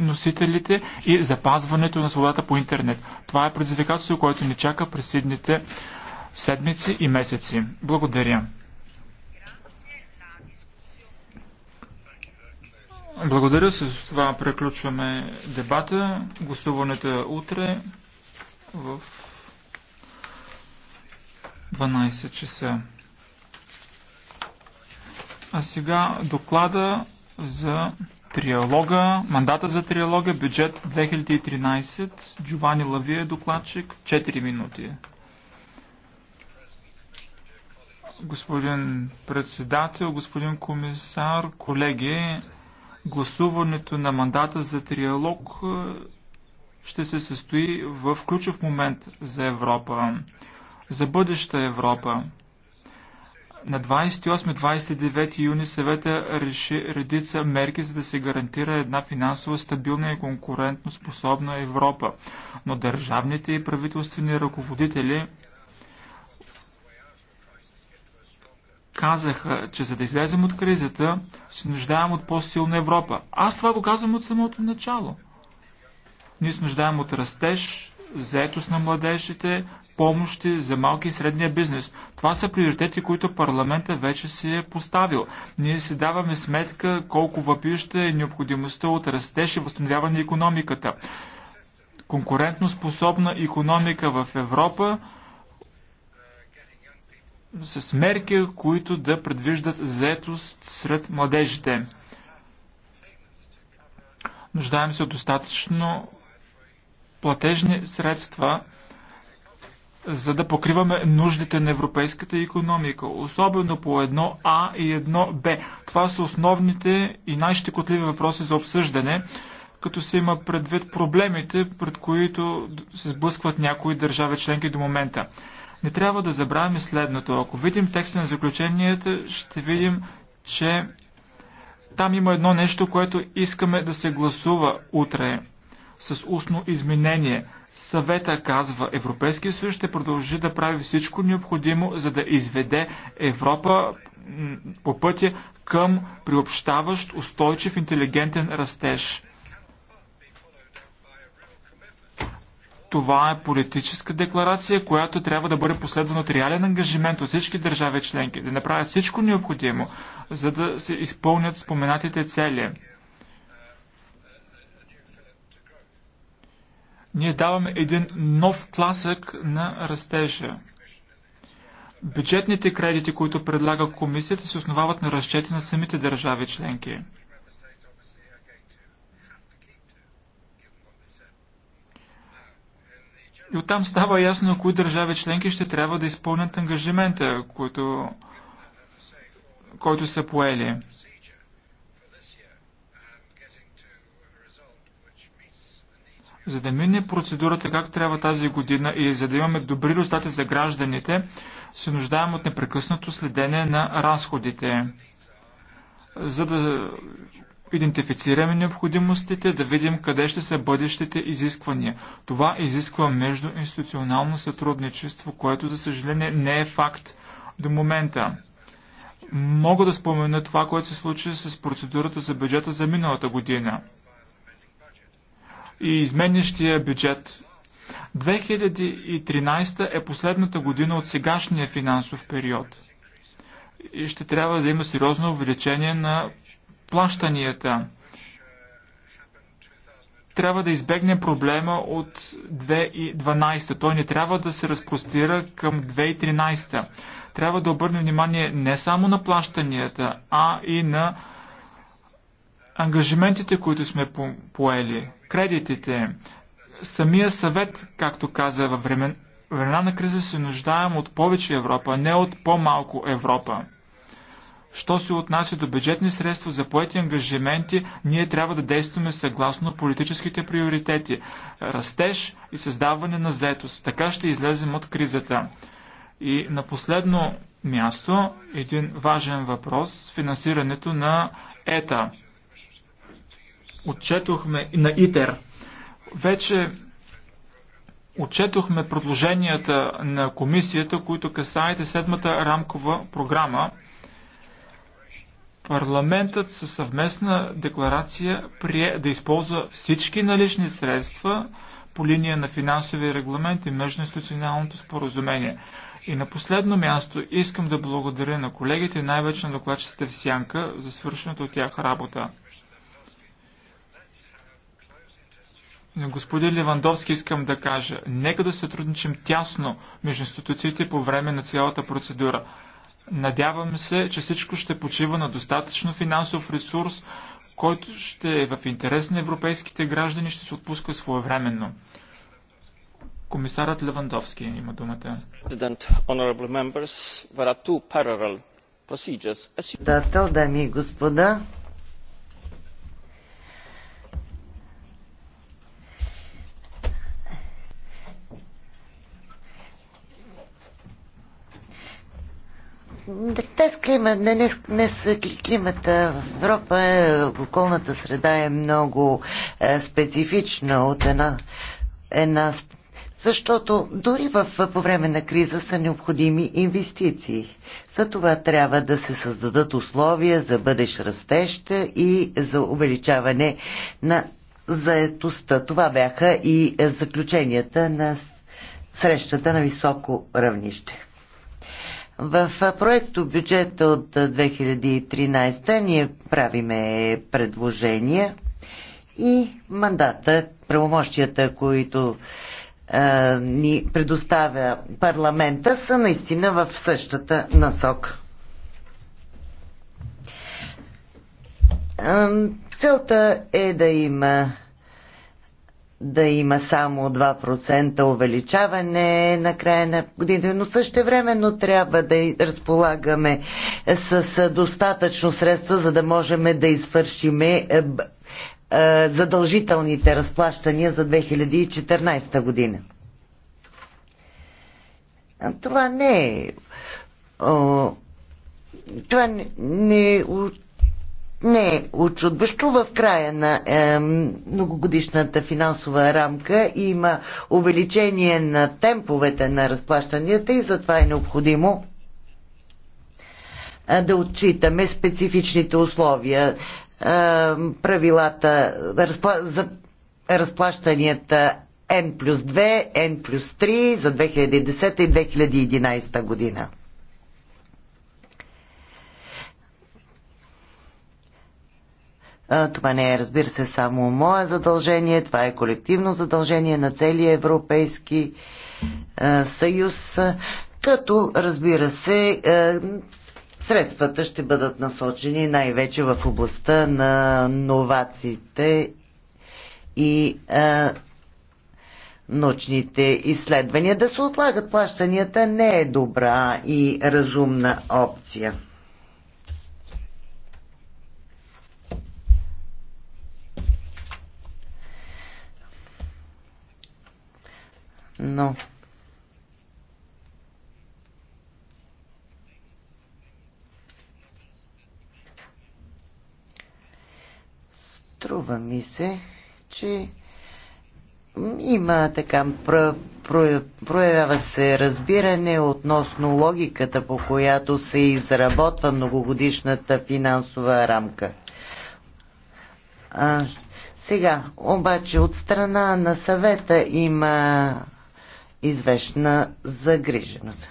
носителите и запазването на свободата по интернет. Това е предизвикателство, което ни чака през следните седмици и месеци. Благодаря. Благодаря. С това преключваме дебата. Гласуването е утре в 12 часа. А сега доклада за Триалога, мандата за триалога, бюджет 2013, Джовани Лавия, е докладчик, 4 минути. Господин председател, господин комисар, колеги, гласуването на мандата за триалог е, ще се състои в ключов момент за Европа, за бъдеща Европа. На 28-29 юни съвета реши редица мерки, за да се гарантира една финансово стабилна и конкурентно способна Европа. Но държавните и правителствени ръководители казаха, че за да излезем от кризата, се нуждаем от по-силна Европа. Аз това го казвам от самото начало. Ние се нуждаем от растеж, заетост на младежите, помощи за малки и средния бизнес. Това са приоритети, които парламента вече си е поставил. Ние си даваме сметка колко въпища е необходимостта от растеж и възстановяване на економиката. Конкурентноспособна економика в Европа с мерки, които да предвиждат заетост сред младежите. Нуждаем се от достатъчно платежни средства – за да покриваме нуждите на европейската економика, особено по едно А и едно Б. Това са основните и най-щекотливи въпроси за обсъждане, като се има предвид проблемите, пред които се сблъскват някои държави членки до момента. Не трябва да забравяме следното. Ако видим текста на заключенията, ще видим, че там има едно нещо, което искаме да се гласува утре с устно изменение – Съвета казва, Европейския съюз ще продължи да прави всичко необходимо, за да изведе Европа по пътя към приобщаващ, устойчив, интелигентен растеж. Това е политическа декларация, която трябва да бъде последвана от реален ангажимент от всички държави членки, да направят всичко необходимо, за да се изпълнят споменатите цели. Ние даваме един нов тласък на растежа. Бюджетните кредити, които предлага комисията, се основават на разчети на самите държави членки. И оттам става ясно, кои държави членки ще трябва да изпълнят ангажимента, който, който са поели. За да мине процедурата как трябва тази година и за да имаме добри резултати за гражданите, се нуждаем от непрекъснато следение на разходите. За да идентифицираме необходимостите, да видим къде ще са бъдещите изисквания. Това изисква междуинституционално сътрудничество, което за съжаление не е факт до момента. Мога да спомена това, което се случи с процедурата за бюджета за миналата година и изменящия бюджет. 2013 е последната година от сегашния финансов период и ще трябва да има сериозно увеличение на плащанията. Трябва да избегне проблема от 2012. Той не трябва да се разпростира към 2013. Трябва да обърне внимание не само на плащанията, а и на ангажиментите, които сме по поели кредитите. Самия съвет, както каза във времен... времена на криза, се нуждаем от повече Европа, не от по-малко Европа. Що се отнася до бюджетни средства за поети ангажименти, ние трябва да действаме съгласно политическите приоритети – растеж и създаване на заетост. Така ще излезем от кризата. И на последно място един важен въпрос – финансирането на ЕТА – отчетохме на ИТЕР. Вече отчетохме предложенията на комисията, които касаят седмата рамкова програма. Парламентът със съвместна декларация прие да използва всички налични средства по линия на финансови регламент и междуинституционалното споразумение. И на последно място искам да благодаря на колегите, най-вече на докладчиците в Сянка, за свършената от тях работа. На господин Левандовски искам да кажа, нека да сътрудничим тясно между институциите по време на цялата процедура. Надявам се, че всичко ще почива на достатъчно финансов ресурс, който ще е в интерес на европейските граждани, ще се отпуска своевременно. Комисарът Левандовски има думата. Председател, дами и господа, Днес, климат, днес, днес климата в Европа, е, околната среда е много е, специфична от една, една защото дори в, по време на криза са необходими инвестиции. За това трябва да се създадат условия за бъдещ растеж и за увеличаване на заетостта. Това бяха и е, заключенията на срещата на високо равнище. В проекто бюджета от 2013 ние правиме предложения и мандата, правомощията, които а, ни предоставя парламента, са наистина в същата насока. Целта е да има да има само 2% увеличаване на края на година, но също времено трябва да разполагаме с достатъчно средства, за да можем да извършиме е, задължителните разплащания за 2014 година. Това не е. Това не, не не е очудващо. В края на е, многогодишната финансова рамка има увеличение на темповете на разплащанията и затова е необходимо е, да отчитаме специфичните условия, правилата разпла за разплащанията N плюс 2, N плюс 3 за 2010 и 2011 година. Това не е, разбира се, само мое задължение, това е колективно задължение на целия Европейски съюз, като, разбира се, средствата ще бъдат насочени най-вече в областта на новациите и научните изследвания. Да се отлагат плащанията не е добра и разумна опция. но струва ми се, че има така проявява се разбиране относно логиката, по която се изработва многогодишната финансова рамка. А, сега, обаче, от страна на съвета има известна загриженост.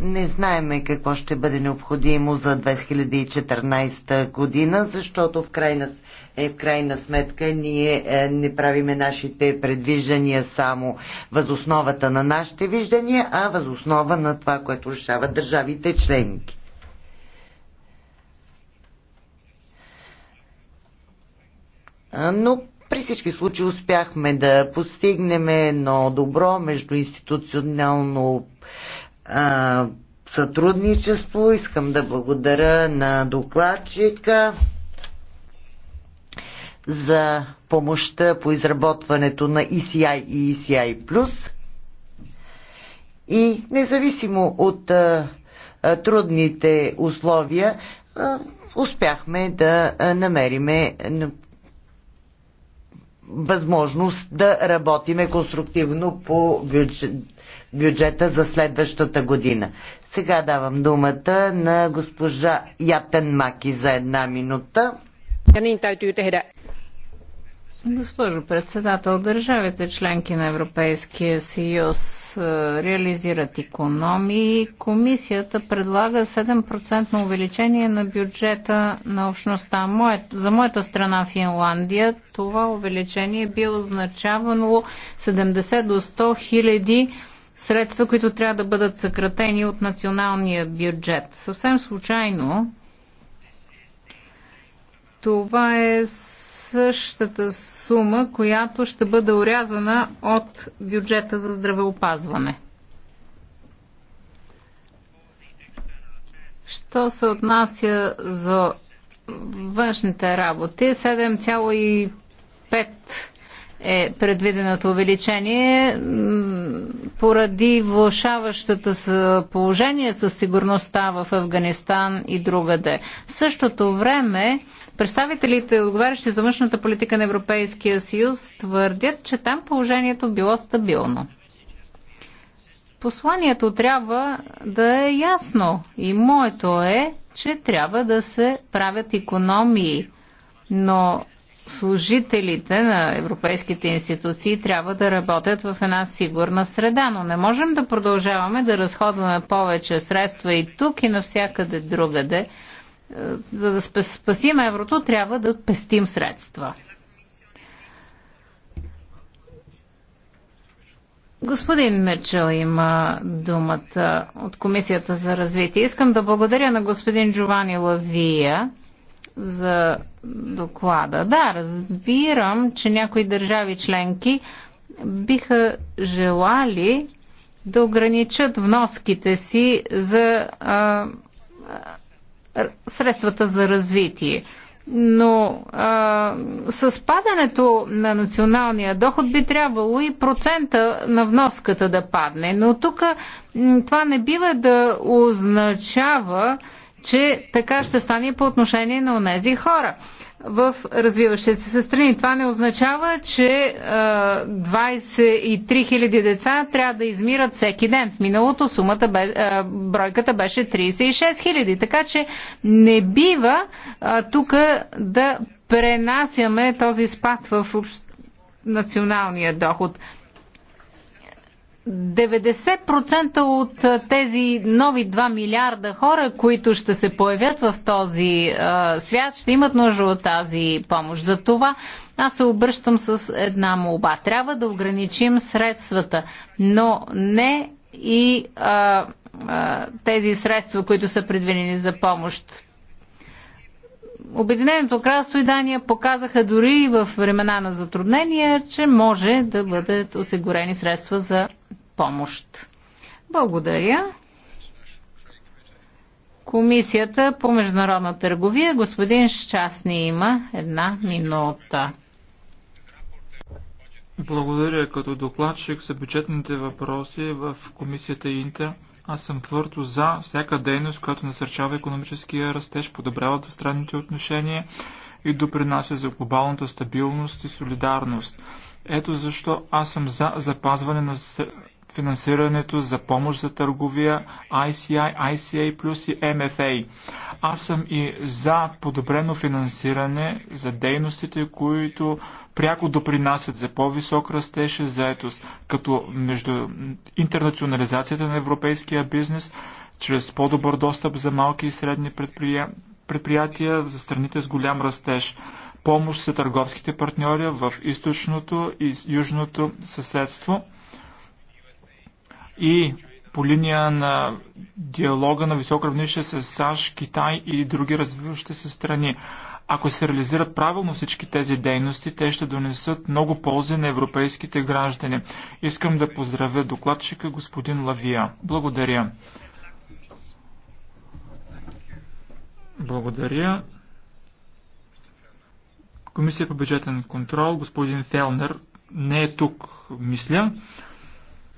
Не знаеме какво ще бъде необходимо за 2014 година, защото в крайна, е, в крайна сметка ние е, не правиме нашите предвиждания само възосновата на нашите виждания, а възоснова на това, което решават държавите членки. Но при всички случаи успяхме да постигнем едно добро междуинституционално а, сътрудничество. Искам да благодаря на докладчика за помощта по изработването на ECI и ECI+. И независимо от а, а, трудните условия, а, успяхме да намериме възможност да работиме конструктивно по бюджет, бюджета за следващата година. Сега давам думата на госпожа Ятен Маки за една минута. Ja niin täytyy tehdä Госпожо председател, държавите членки на Европейския съюз е, реализират економии. Комисията предлага 7% увеличение на бюджета на общността. За моята страна Финландия това увеличение би означавало 70 до 100 хиляди средства, които трябва да бъдат съкратени от националния бюджет. Съвсем случайно това е същата сума, която ще бъде урязана от бюджета за здравеопазване. Що се отнася за външните работи, 7,5 е предвиденото увеличение поради влушаващата се положение със сигурността в Афганистан и другаде. В същото време представителите, отговарящи за външната политика на Европейския съюз, твърдят, че там положението било стабилно. Посланието трябва да е ясно и моето е, че трябва да се правят економии, но служителите на европейските институции трябва да работят в една сигурна среда, но не можем да продължаваме да разходваме повече средства и тук и навсякъде другаде. Е, за да спасим еврото, трябва да пестим средства. Господин Мирчел има думата от Комисията за развитие. Искам да благодаря на господин Джовани Лавия за доклада. Да, разбирам, че някои държави членки биха желали да ограничат вноските си за а, а, средствата за развитие. Но а, с падането на националния доход би трябвало и процента на вноската да падне. Но тук това не бива да означава, че така ще стане по отношение на онези хора в развиващите се страни. Това не означава, че 23 000 деца трябва да измират всеки ден. В миналото сумата бе, бройката беше 36 000, така че не бива тук да пренасяме този спад в общ... националния доход. 90% от тези нови 2 милиарда хора, които ще се появят в този а, свят, ще имат нужда от тази помощ. За това аз се обръщам с една молба. Трябва да ограничим средствата, но не и а, а, тези средства, които са предвидени за помощ. Обединеното кралство и Дания показаха дори в времена на затруднения, че може да бъдат осигурени средства за помощ. Благодаря. Комисията по международна търговия, господин Щастни има една минута. Благодаря. Като докладчик за бюджетните въпроси в комисията Инта аз съм твърдо за всяка дейност, която насърчава економическия растеж, подобрява двустранните отношения и допринася за глобалната стабилност и солидарност. Ето защо аз съм за запазване на финансирането за помощ за търговия ICI, ICA плюс и MFA. Аз съм и за подобрено финансиране за дейностите, които пряко допринасят за по-висок растеж и заетост, като между интернационализацията на европейския бизнес, чрез по-добър достъп за малки и средни предприятия, предприятия за страните с голям растеж, помощ за търговските партньори в източното и южното съседство и по линия на диалога на високо равнище с САЩ, Китай и други развиващи се страни. Ако се реализират правилно всички тези дейности, те ще донесат много ползи на европейските граждани. Искам да поздравя докладчика господин Лавия. Благодаря. Благодаря. Комисия по бюджетен контрол, господин Фелнер, не е тук, мисля.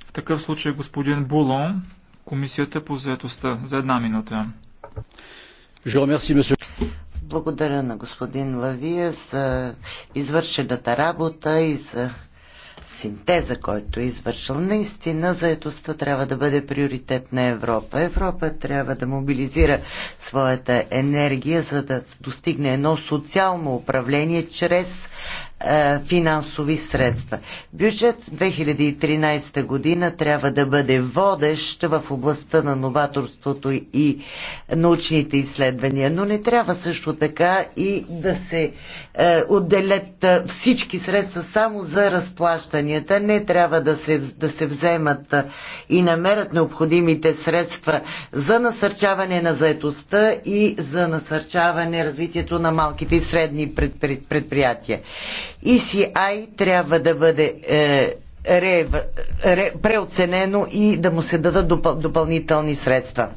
В такъв случай господин Булон, Комисията по заедостта, за една минута. Благодаря на господин Лавия за извършената работа и за синтеза, който е извършил. Наистина, заедостта трябва да бъде приоритет на Европа. Европа трябва да мобилизира своята енергия, за да достигне едно социално управление чрез е, финансови средства. Бюджет 2013 година трябва да бъде водещ в областта на новаторството и научните изследвания, но не трябва също така и да се е, отделят е, всички средства само за разплащанията. Не трябва да се, да се вземат е, и намерят необходимите средства за насърчаване на заетостта и за насърчаване развитието на малките и средни предприятия. ECI трябва да бъде е, ре, ре, преоценено и да му се дадат допъл, допълнителни средства.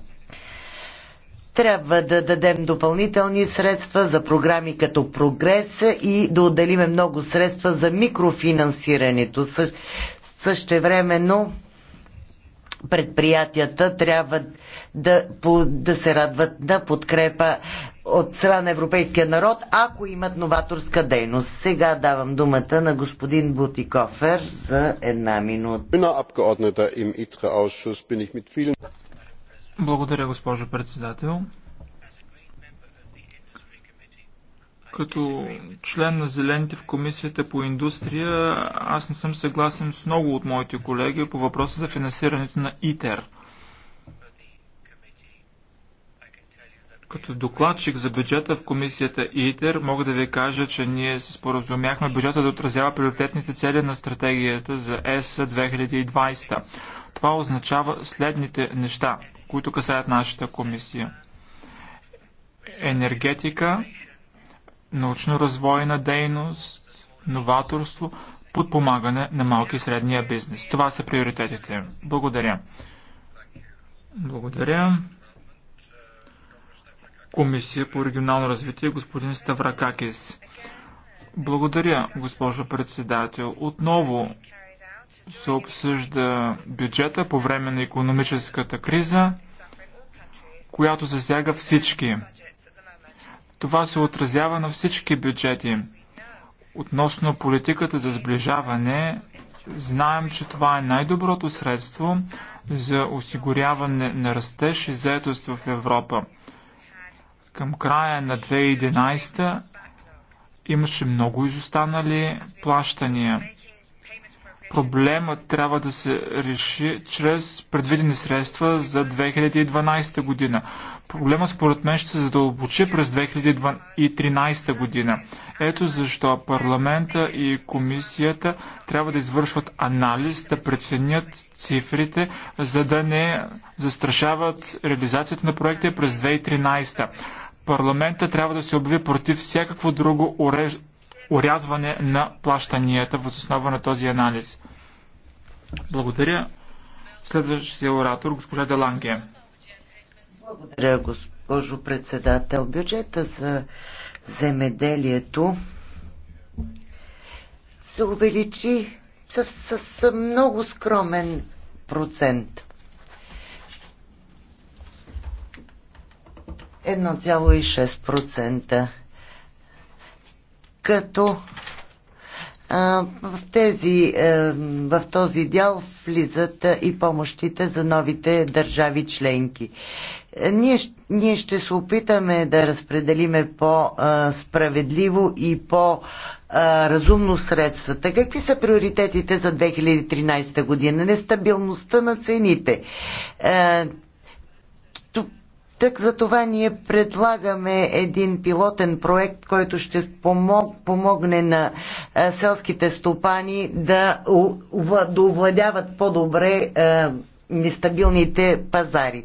Трябва да дадем допълнителни средства за програми като прогрес и да отделиме много средства за микрофинансирането. Също, времено предприятията трябва да, да се радват на подкрепа от страна на европейския народ, ако имат новаторска дейност. Сега давам думата на господин Бутикофер за една минута. Благодаря, госпожо председател. Като член на Зелените в Комисията по индустрия, аз не съм съгласен с много от моите колеги по въпроса за финансирането на ИТЕР – Като докладчик за бюджета в комисията ИТЕР мога да ви кажа, че ние се споразумяхме бюджета да отразява приоритетните цели на стратегията за ЕС 2020. Това означава следните неща, които касаят нашата комисия. Енергетика, научно-развойна дейност, новаторство, подпомагане на малки и средния бизнес. Това са приоритетите. Благодаря. Благодаря комисия по регионално развитие господин Ставракакис. Благодаря, госпожо председател. Отново се обсъжда бюджета по време на економическата криза, която засяга всички. Това се отразява на всички бюджети. Относно политиката за сближаване, знаем, че това е най-доброто средство за осигуряване на растеж и заетост в Европа. Към края на 2011 имаше много изостанали плащания. Проблемът трябва да се реши чрез предвидени средства за 2012 година. Проблема според мен ще се задълбочи през 2013 година. Ето защо парламента и комисията трябва да извършват анализ, да преценят цифрите, за да не застрашават реализацията на проекта през 2013. Парламента трябва да се обяви против всякакво друго уреж... урязване на плащанията в основа на този анализ. Благодаря. Следващия оратор, госпожа Деланге. Благодаря, госпожо председател. Бюджета за земеделието се увеличи с, с, с много скромен процент. 1,6%. Като а, в, тези, а, е, в този дял влизат и помощите за новите държави членки. Ние, ние ще се опитаме да разпределиме по-справедливо и по-разумно средствата. Какви са приоритетите за 2013 година? Нестабилността на цените. Е, так за това ние предлагаме един пилотен проект, който ще помог, помогне на е, селските стопани да, да овладяват по-добре е, нестабилните пазари.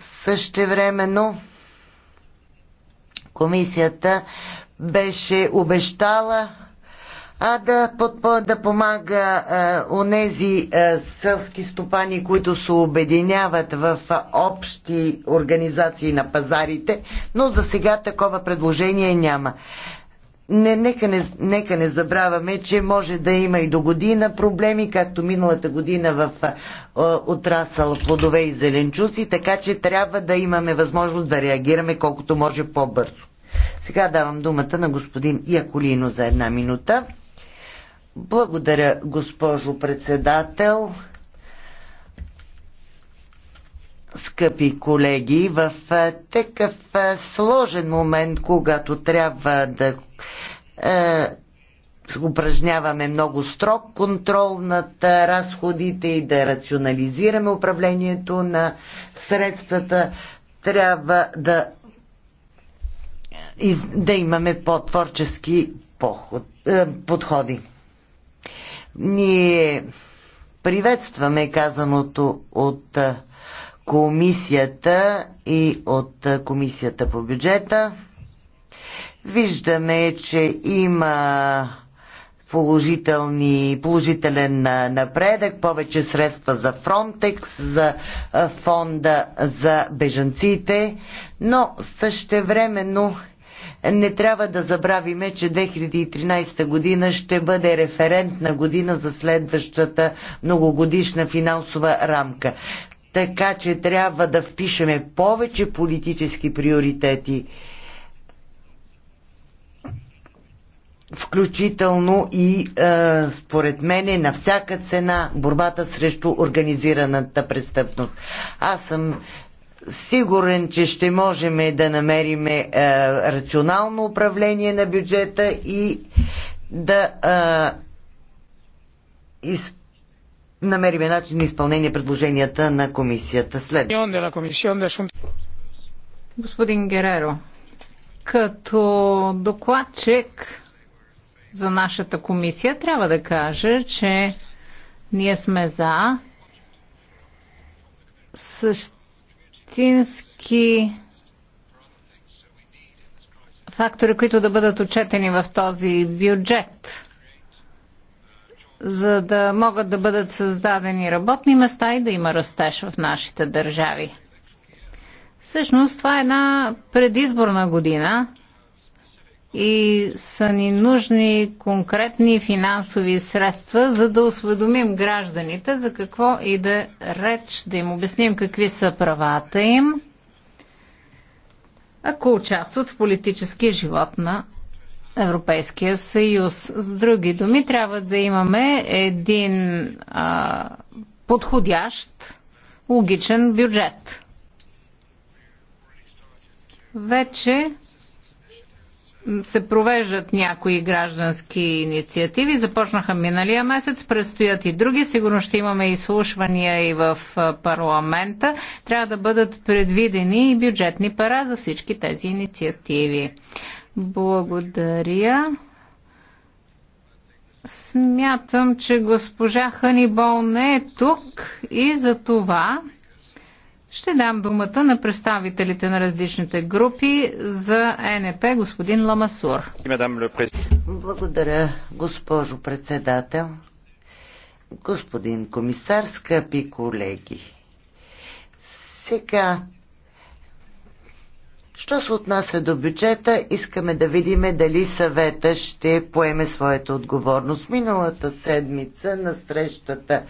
Същевременно комисията беше обещала а да, подпо, да помага а, онези а, селски стопани, които се обединяват в а, общи организации на пазарите, но за сега такова предложение няма не, нека, не, нека не забравяме, че може да има и до година проблеми, както миналата година в отрасъл плодове и зеленчуци, така че трябва да имаме възможност да реагираме колкото може по-бързо. Сега давам думата на господин Яколино за една минута. Благодаря, госпожо председател скъпи колеги, в такъв сложен момент, когато трябва да е, упражняваме много строг контрол над разходите и да рационализираме управлението на средствата, трябва да, да имаме по-творчески подходи. Ние приветстваме казаното от комисията и от комисията по бюджета. Виждаме, че има положителни, положителен напредък, повече средства за Фронтекс, за фонда за бежанците, но същевременно не трябва да забравиме, че 2013 година ще бъде референтна година за следващата многогодишна финансова рамка така че трябва да впишеме повече политически приоритети, включително и е, според мене на всяка цена борбата срещу организираната престъпност. Аз съм сигурен, че ще можем да намерим е, рационално управление на бюджета и да е, изпълняваме намериме начин на изпълнение предложенията на комисията. След. Господин Гереро, като докладчик за нашата комисия трябва да кажа, че ние сме за същински фактори, които да бъдат отчетени в този бюджет за да могат да бъдат създадени работни места и да има растеж в нашите държави. Всъщност това е една предизборна година и са ни нужни конкретни финансови средства, за да осведомим гражданите за какво и да реч, да им обясним какви са правата им, ако участват в политическия живот на Европейския съюз. С други думи, трябва да имаме един а, подходящ, логичен бюджет. Вече се провеждат някои граждански инициативи. Започнаха миналия месец, предстоят и други. Сигурно ще имаме изслушвания и в парламента. Трябва да бъдат предвидени и бюджетни пара за всички тези инициативи. Благодаря. Смятам, че госпожа Ханибол не е тук и за това ще дам думата на представителите на различните групи за НП, господин Ламасур. Благодаря, госпожо председател, господин комисар, скъпи колеги. Сега Що се отнася до бюджета, искаме да видим дали съвета ще поеме своята отговорност. Миналата седмица на срещата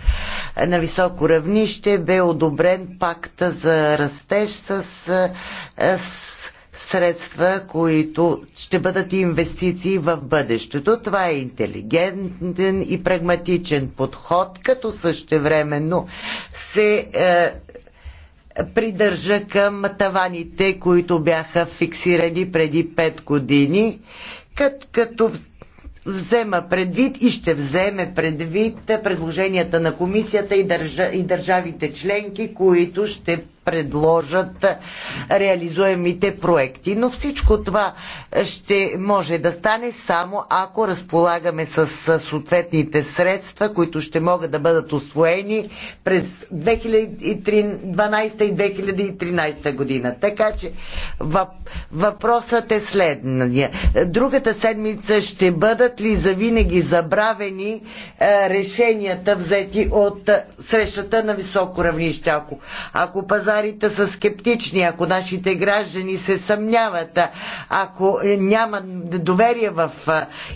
на високо равнище бе одобрен пакта за растеж с, е, с средства, които ще бъдат инвестиции в бъдещето. Това е интелигентен и прагматичен подход, като същевременно се е, придържа към таваните, които бяха фиксирани преди 5 години, като, като взема предвид и ще вземе предвид предложенията на комисията и, държа, и държавите членки, които ще предложат реализуемите проекти. Но всичко това ще може да стане само ако разполагаме с съответните средства, които ще могат да бъдат освоени през 2012 и 2013 година. Така че въпросът е следния. Другата седмица ще бъдат ли завинаги забравени е, решенията взети от срещата на високо равнище? Ако, ако пазар комисарите са скептични, ако нашите граждани се съмняват, ако няма доверие в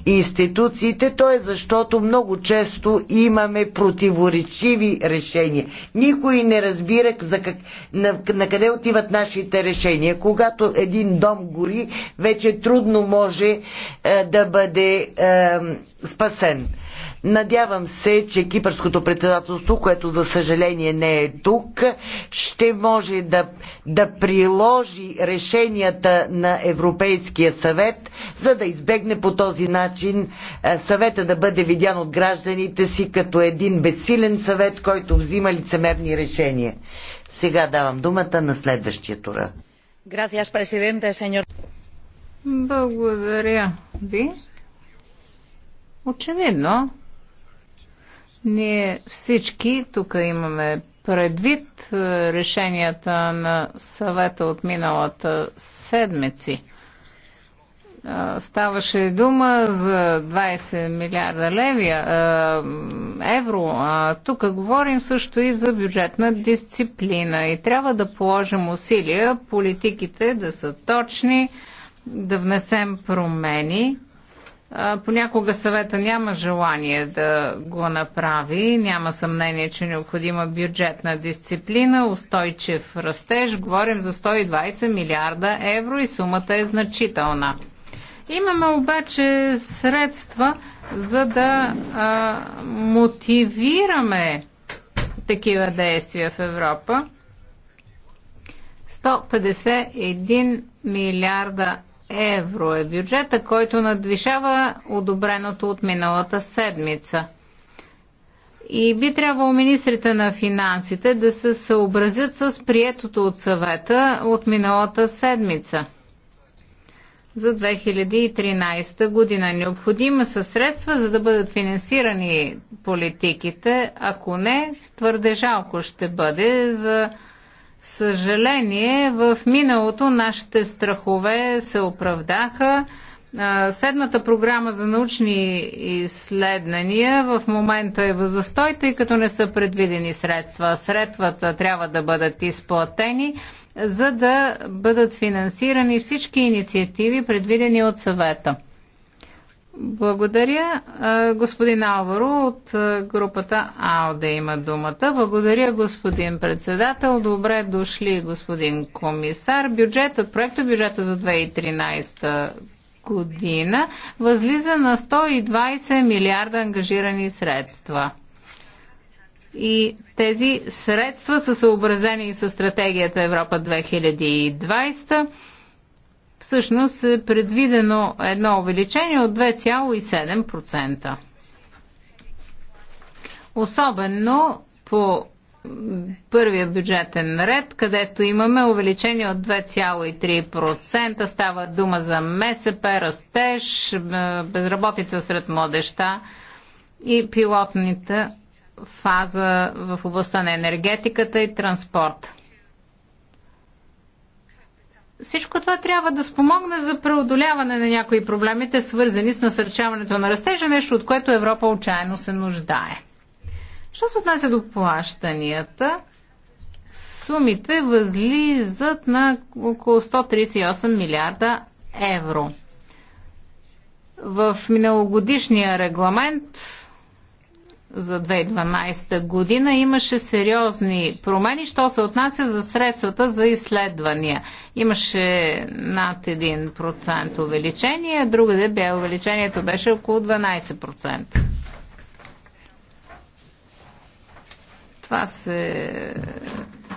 институциите, то е защото много често имаме противоречиви решения. Никой не разбира за как, на, на къде отиват нашите решения. Когато един дом гори, вече трудно може е, да бъде е, спасен. Надявам се, че кипърското председателство, което за съжаление не е тук, ще може да, да приложи решенията на Европейския съвет, за да избегне по този начин е, съвета да бъде видян от гражданите си като един безсилен съвет, който взима лицемерни решения. Сега давам думата на следващия тура. Благодаря ви, Очевидно, ние всички тук имаме предвид е, решенията на съвета от миналата седмици. Е, ставаше дума за 20 милиарда левия, е, евро. Тук говорим също и за бюджетна дисциплина и трябва да положим усилия политиките да са точни, да внесем промени Понякога съвета няма желание да го направи. Няма съмнение, че е необходима бюджетна дисциплина, устойчив растеж. Говорим за 120 милиарда евро и сумата е значителна. Имаме обаче средства, за да а, мотивираме такива действия в Европа. 151 милиарда евро е бюджета, който надвишава одобреното от миналата седмица. И би трябвало министрите на финансите да се съобразят с приетото от съвета от миналата седмица за 2013 година. Необходима са средства, за да бъдат финансирани политиките. Ако не, твърде жалко ще бъде за съжаление, в миналото нашите страхове се оправдаха. Седмата програма за научни изследвания в момента е в застой, тъй като не са предвидени средства. Средствата трябва да бъдат изплатени, за да бъдат финансирани всички инициативи, предвидени от съвета. Благодаря. Господин Алваро от групата АОД има думата. Благодаря, господин председател. Добре дошли, господин комисар. Бюджетът, проекта бюджета за 2013 година възлиза на 120 милиарда ангажирани средства. И тези средства са съобразени с стратегията Европа 2020 всъщност е предвидено едно увеличение от 2,7%. Особено по първия бюджетен ред, където имаме увеличение от 2,3%. Става дума за МСП, растеж, безработица сред младеща и пилотните фаза в областта на енергетиката и транспорта. Всичко това трябва да спомогне за преодоляване на някои проблемите, свързани с насърчаването на растежа, нещо от което Европа отчаяно се нуждае. Що се отнася до плащанията, сумите възлизат на около 138 милиарда евро. В миналогодишния регламент за 2012 година имаше сериозни промени, що се отнася за средствата за изследвания. Имаше над 1% увеличение, другаде бе увеличението беше около 12%. Това се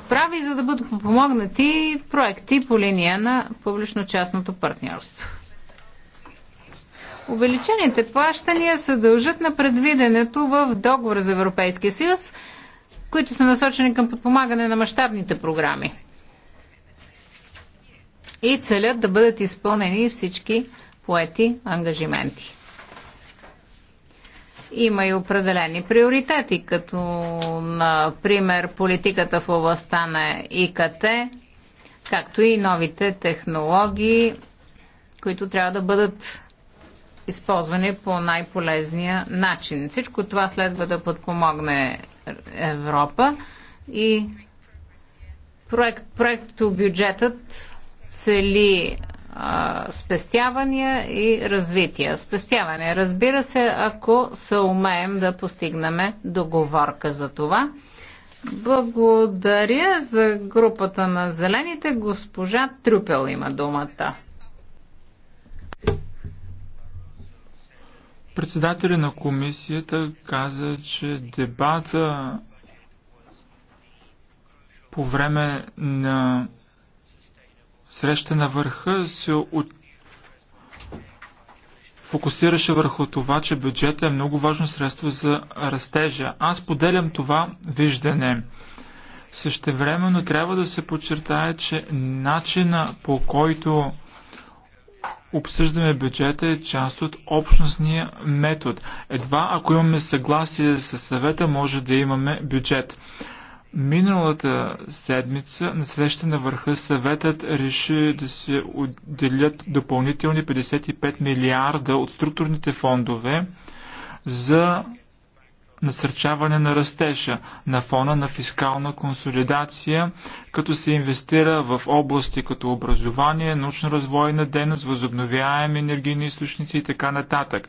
прави, за да бъдат помогнати проекти по линия на публично-частното партньорство. Увеличените плащания се дължат на предвиденето в договор за Европейския съюз, които са насочени към подпомагане на мащабните програми и целят да бъдат изпълнени всички поети ангажименти. Има и определени приоритети, като например политиката в областта на ИКТ, както и новите технологии, които трябва да бъдат използвани по най-полезния начин. Всичко това следва да подпомогне Европа и проект, проекто бюджетът цели а, спестявания и развитие. Спестяване, разбира се, ако се умеем да постигнем договорка за това. Благодаря за групата на зелените. Госпожа Трюпел има думата. Председателя на комисията каза, че дебата по време на среща на върха се от... фокусираше върху това, че бюджета е много важно средство за растежа. Аз поделям това виждане. Същевременно трябва да се подчертая, че начина по който обсъждаме бюджета е част от общностния метод. Едва ако имаме съгласие с съвета, може да имаме бюджет. Миналата седмица на среща на върха съветът реши да се отделят допълнителни 55 милиарда от структурните фондове за насърчаване на растежа на фона на фискална консолидация, като се инвестира в области като образование, научно-развойна дейност, възобновяеми енергийни източници и така нататък.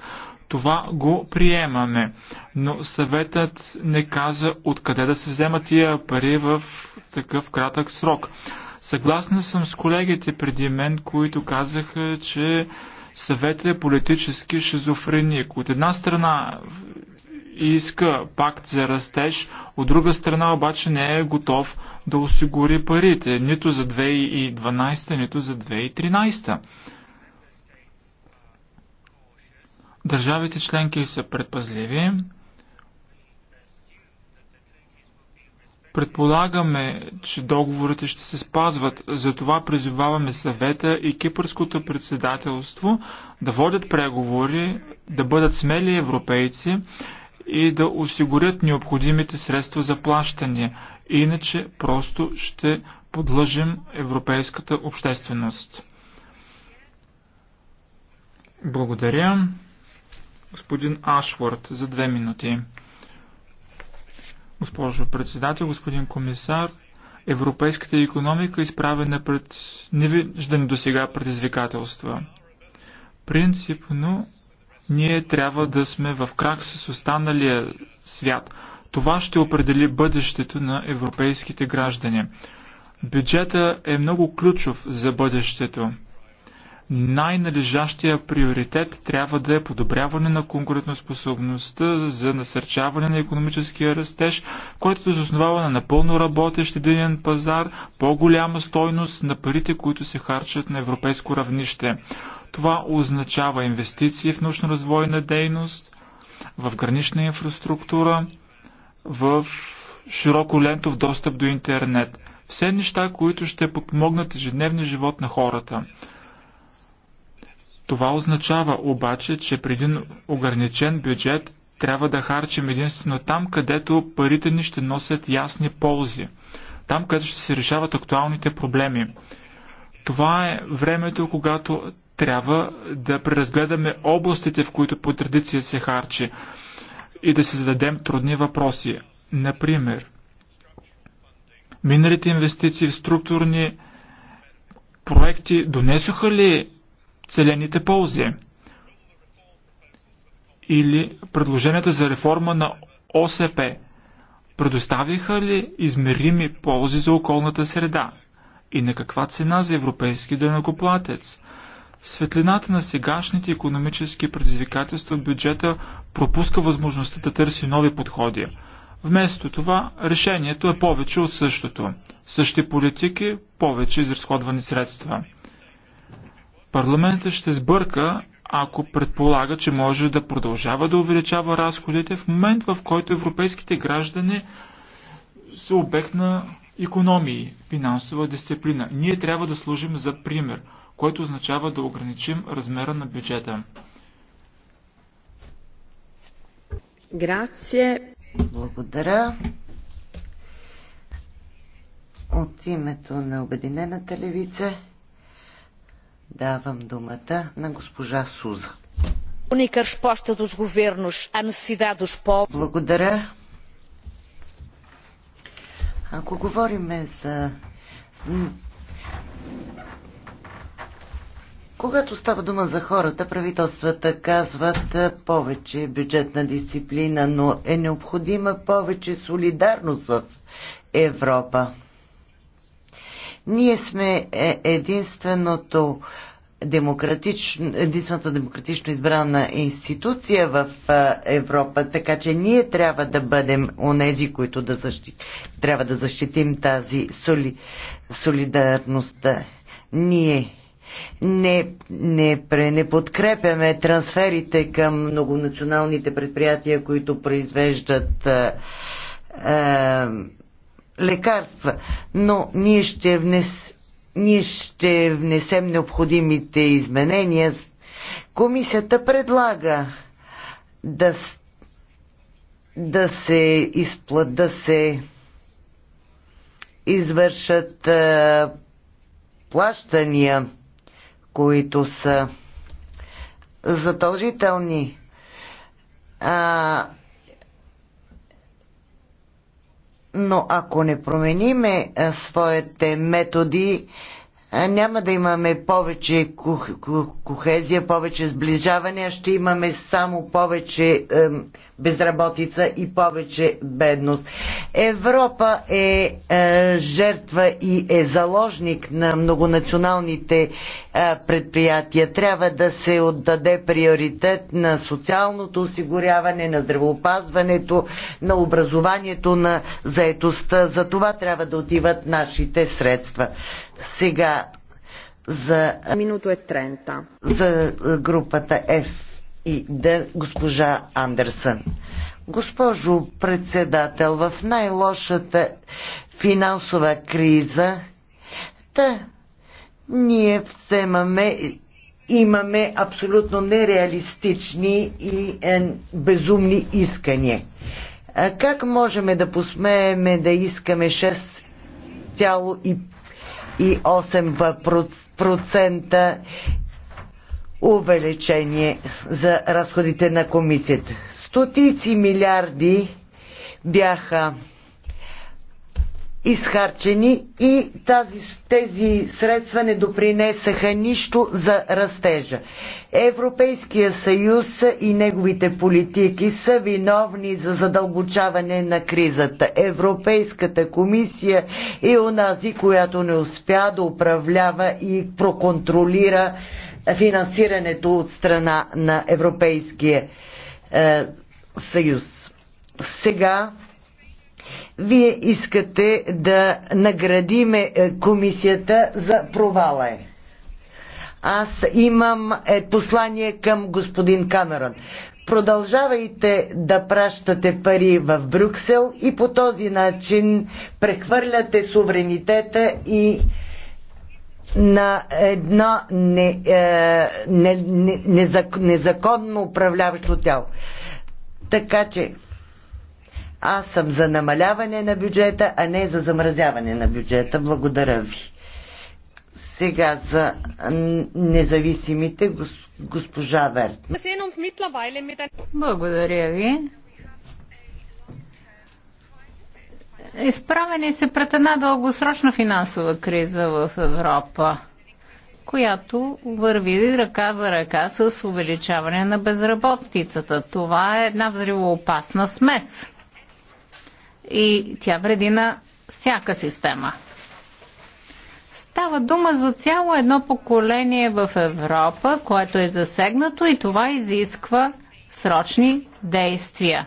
Това го приемаме, но съветът не каза откъде да се вземат тия пари в такъв кратък срок. Съгласна съм с колегите преди мен, които казаха, че съветът е политически шизофреник. От една страна иска пакт за растеж, от друга страна обаче не е готов да осигури парите, нито за 2012, нито за 2013. Държавите членки са предпазливи. Предполагаме, че договорите ще се спазват, затова призоваваме съвета и кипърското председателство да водят преговори, да бъдат смели европейци, и да осигурят необходимите средства за плащане. Иначе просто ще подлъжим европейската общественост. Благодаря. Господин Ашвард за две минути. Госпожо председател, господин комисар, европейската економика е изправена пред невиждани до сега предизвикателства. Принципно ние трябва да сме в крак с останалия свят. Това ще определи бъдещето на европейските граждани. Бюджета е много ключов за бъдещето. Най-належащия приоритет трябва да е подобряване на конкурентоспособността за насърчаване на економическия растеж, който се основава на напълно работещ единен пазар, по-голяма стойност на парите, които се харчат на европейско равнище. Това означава инвестиции в научно-развойна дейност, в гранична инфраструктура, в широко лентов достъп до интернет. Все неща, които ще подпомогнат ежедневния живот на хората. Това означава обаче, че при един ограничен бюджет трябва да харчим единствено там, където парите ни ще носят ясни ползи. Там, където ще се решават актуалните проблеми. Това е времето, когато трябва да преразгледаме областите, в които по традиция се харчи и да се зададем трудни въпроси. Например, миналите инвестиции в структурни проекти донесоха ли целените ползи? Или предложенията за реформа на ОСП предоставиха ли измерими ползи за околната среда? и на каква цена за европейски дънакоплатец. В светлината на сегашните економически предизвикателства бюджета пропуска възможността да търси нови подходи. Вместо това, решението е повече от същото. Същи политики, повече изразходвани средства. Парламентът ще сбърка, ако предполага, че може да продължава да увеличава разходите в момент, в който европейските граждани са обект на економии, финансова дисциплина. Ние трябва да служим за пример, който означава да ограничим размера на бюджета. Грация. Благодаря. От името на Обединената левица давам думата на госпожа Суза. Благодаря. Ако говорим за когато става дума за хората, правителствата казват е, повече бюджетна дисциплина, но е необходима повече солидарност в Европа. Ние сме е, единственото демократично, единствената демократично избрана институция в Европа, така че ние трябва да бъдем онези, които да защит, трябва да защитим тази соли, солидарност. Ние не, не, не подкрепяме трансферите към многонационалните предприятия, които произвеждат а, а, лекарства, но ние ще внесем ние ще внесем необходимите изменения. Комисията предлага да, да се изплат, да се извършат а, плащания, които са задължителни. А, Но ако не промениме своите методи, няма да имаме повече кохезия, повече сближаване, а ще имаме само повече безработица и повече бедност. Европа е, е жертва и е заложник на многонационалните предприятия. Трябва да се отдаде приоритет на социалното осигуряване, на здравеопазването, на образованието, на заетостта. За това трябва да отиват нашите средства. Сега за... Минуто е 30. За групата F и Д, госпожа Андерсън. Госпожо председател, в най-лошата финансова криза, да, ние вземаме, имаме абсолютно нереалистични и е, безумни искания. Как можем да посмееме да искаме 6,8% увеличение за разходите на комисията? Стотици милиарди бяха изхарчени и тази, тези средства не допринесаха нищо за растежа. Европейския съюз и неговите политики са виновни за задълбочаване на кризата. Европейската комисия е онази, която не успя да управлява и проконтролира финансирането от страна на Европейския е, съюз. Сега вие искате да наградиме е, комисията за провала е. Аз имам е, послание към господин Камерон. Продължавайте да пращате пари в Брюксел и по този начин прехвърляте суверенитета и на едно не, е, не, не, незаконно управляващо тяло. Така че аз съм за намаляване на бюджета, а не за замразяване на бюджета. Благодаря ви. Сега за независимите госпожа Верт. Благодаря ви. Изправени се пред една дългосрочна финансова криза в Европа, която върви ръка за ръка с увеличаване на безработицата. Това е една взривоопасна смес и тя вреди на всяка система. Става дума за цяло едно поколение в Европа, което е засегнато и това изисква срочни действия.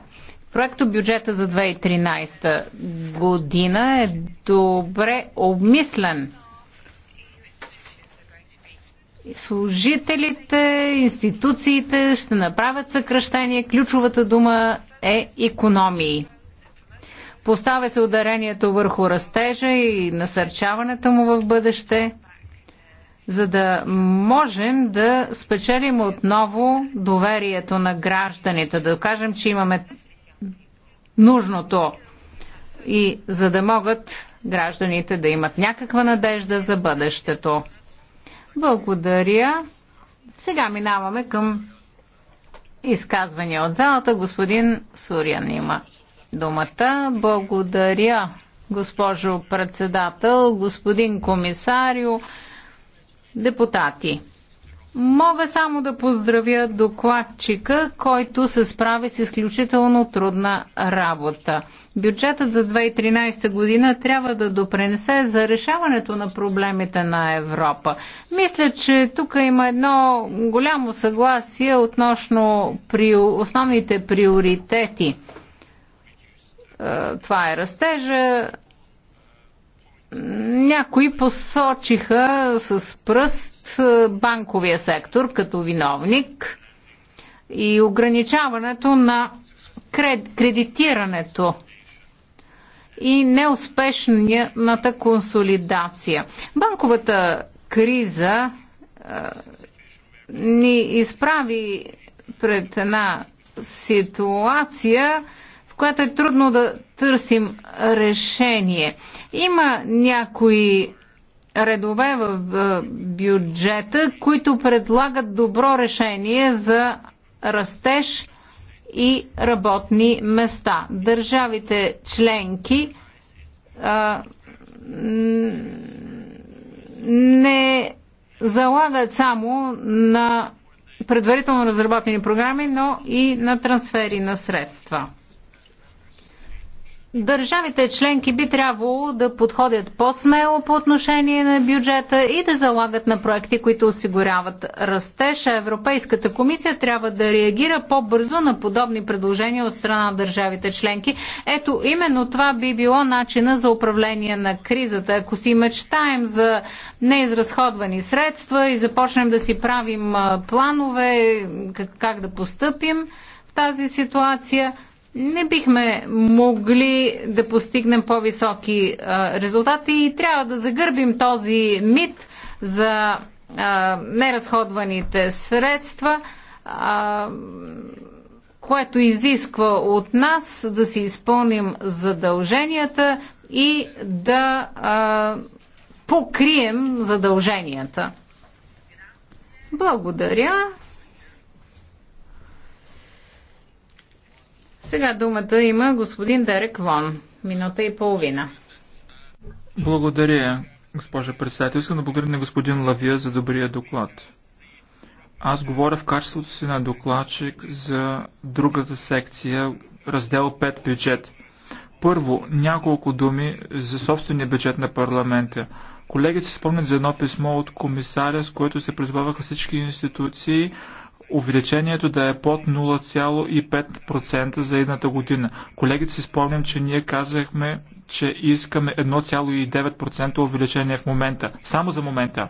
Проекто бюджета за 2013 година е добре обмислен. Служителите, институциите ще направят съкръщение. Ключовата дума е економии. Поставя се ударението върху растежа и насърчаването му в бъдеще, за да можем да спечелим отново доверието на гражданите, да докажем, че имаме нужното и за да могат гражданите да имат някаква надежда за бъдещето. Благодаря. Сега минаваме към изказвания от залата. Господин Сурян има думата. Благодаря, госпожо председател, господин комисарио, депутати. Мога само да поздравя докладчика, който се справи с изключително трудна работа. Бюджетът за 2013 година трябва да допренесе за решаването на проблемите на Европа. Мисля, че тук има едно голямо съгласие относно при основните приоритети е, това е растежа. Някои посочиха с пръст е, банковия сектор като виновник и ограничаването на кред, кредитирането и неуспешната консолидация. Банковата криза а, е, ни изправи пред една ситуация, която е трудно да търсим решение. Има някои редове в бюджета, които предлагат добро решение за растеж и работни места. Държавите членки а, не залагат само на предварително разработени програми, но и на трансфери на средства. Държавите членки би трябвало да подходят по-смело по отношение на бюджета и да залагат на проекти, които осигуряват растеж. Европейската комисия трябва да реагира по-бързо на подобни предложения от страна на държавите членки. Ето, именно това би било начина за управление на кризата. Ако си мечтаем за неизразходвани средства и започнем да си правим планове как да постъпим в тази ситуация, не бихме могли да постигнем по-високи резултати и трябва да загърбим този мит за а, неразходваните средства, а, което изисква от нас да си изпълним задълженията и да а, покрием задълженията. Благодаря. Сега думата има господин Дерек Вон. Минута и половина. Благодаря, госпожа председател. Искам да благодаря на господин Лавия за добрия доклад. Аз говоря в качеството си на докладчик за другата секция, раздел 5 бюджет. Първо, няколко думи за собствения бюджет на парламента. Колегите се спомнят за едно писмо от комисаря, с което се призваваха всички институции увеличението да е под 0,5% за едната година. Колегите си спомням, че ние казахме, че искаме 1,9% увеличение в момента. Само за момента.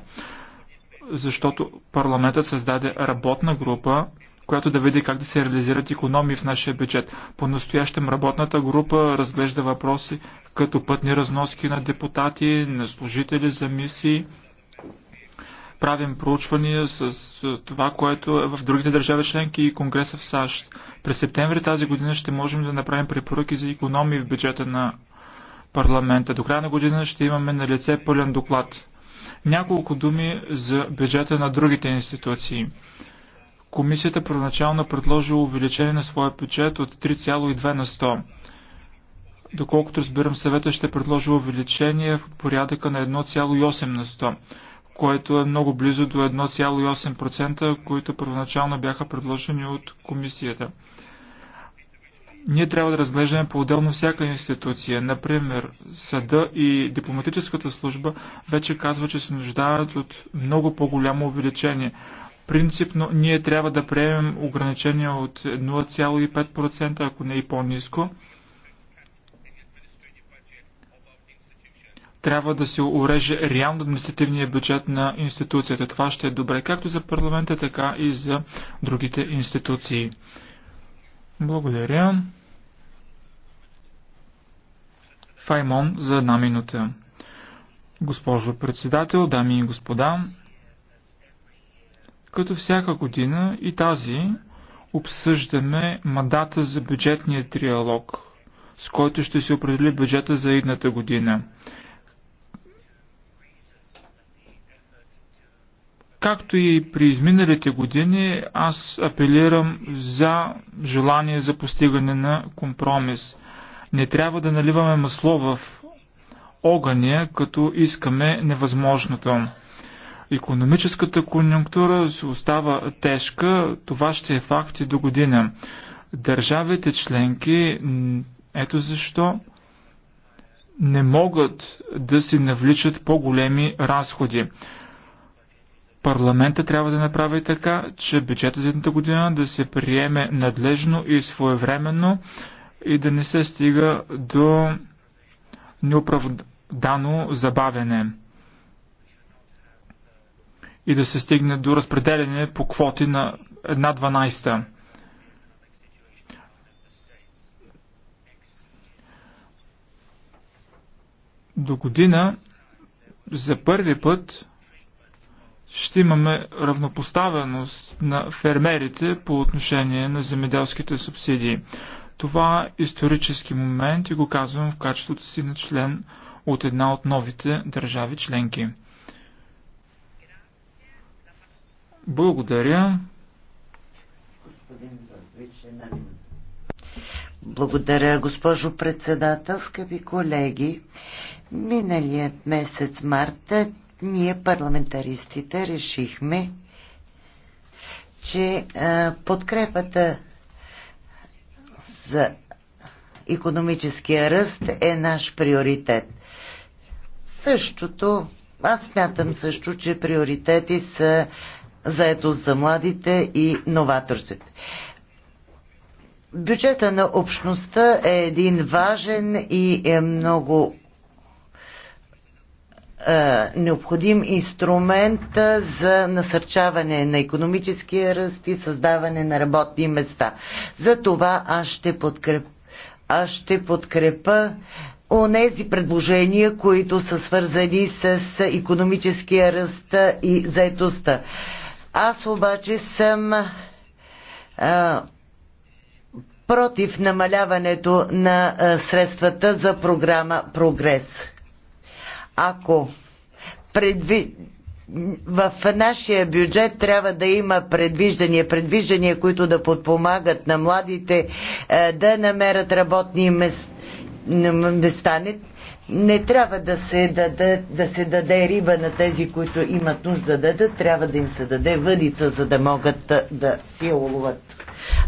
Защото парламентът създаде работна група, която да види как да се реализират економии в нашия бюджет. По-настоящем работната група разглежда въпроси като пътни разноски на депутати, на служители за мисии, правим проучвания с това, което е в другите държави членки и Конгреса в САЩ. През септември тази година ще можем да направим препоръки за економии в бюджета на парламента. До края на година ще имаме на лице пълен доклад. Няколко думи за бюджета на другите институции. Комисията първоначално предложи увеличение на своя бюджет от 3,2 на 100. Доколкото разбирам, съвета ще предложи увеличение в порядъка на 1,8 на 100 което е много близо до 1,8%, които първоначално бяха предложени от комисията. Ние трябва да разглеждаме по-отделно всяка институция. Например, съда и дипломатическата служба вече казва, че се нуждаят от много по-голямо увеличение. Принципно ние трябва да приемем ограничения от 0,5%, ако не и по-низко трябва да се уреже реално административния бюджет на институцията. Това ще е добре както за парламента, така и за другите институции. Благодаря. Файмон за една минута. Госпожо председател, дами и господа, като всяка година и тази обсъждаме мандата за бюджетния триалог, с който ще се определи бюджета за едната година. Както и при изминалите години, аз апелирам за желание за постигане на компромис. Не трябва да наливаме масло в огъня, като искаме невъзможното. Економическата конъюнктура се остава тежка, това ще е факт и до година. Държавите членки, ето защо, не могат да си навличат по-големи разходи. Парламента трябва да направи така, че бюджета за едната година да се приеме надлежно и своевременно и да не се стига до неоправдано забавяне и да се стигне до разпределяне по квоти на една 12 До година за първи път ще имаме равнопоставеност на фермерите по отношение на земеделските субсидии. Това е исторически момент и го казвам в качеството си на член от една от новите държави членки. Благодаря. Благодаря, госпожо председател, скъпи колеги. Миналият месец марта ние парламентаристите решихме, че а, подкрепата за економическия ръст е наш приоритет. Същото, аз смятам също, че приоритети са заетост за младите и новаторството. Бюджета на общността е един важен и е много е, необходим инструмент е, за насърчаване на економическия ръст и създаване на работни места. За това аз ще подкрепя аз ще подкрепа онези предложения, които са свързани с економическия ръст и заетостта. Аз обаче съм а, е, против намаляването на а, средствата за програма Прогрес ако предви... в нашия бюджет трябва да има предвиждания, предвиждания, които да подпомагат на младите е, да намерят работни места. места. Не, не трябва да се, даде, да се даде риба на тези, които имат нужда да дадат, трябва да им се даде въдица, за да могат е, да си я уловат.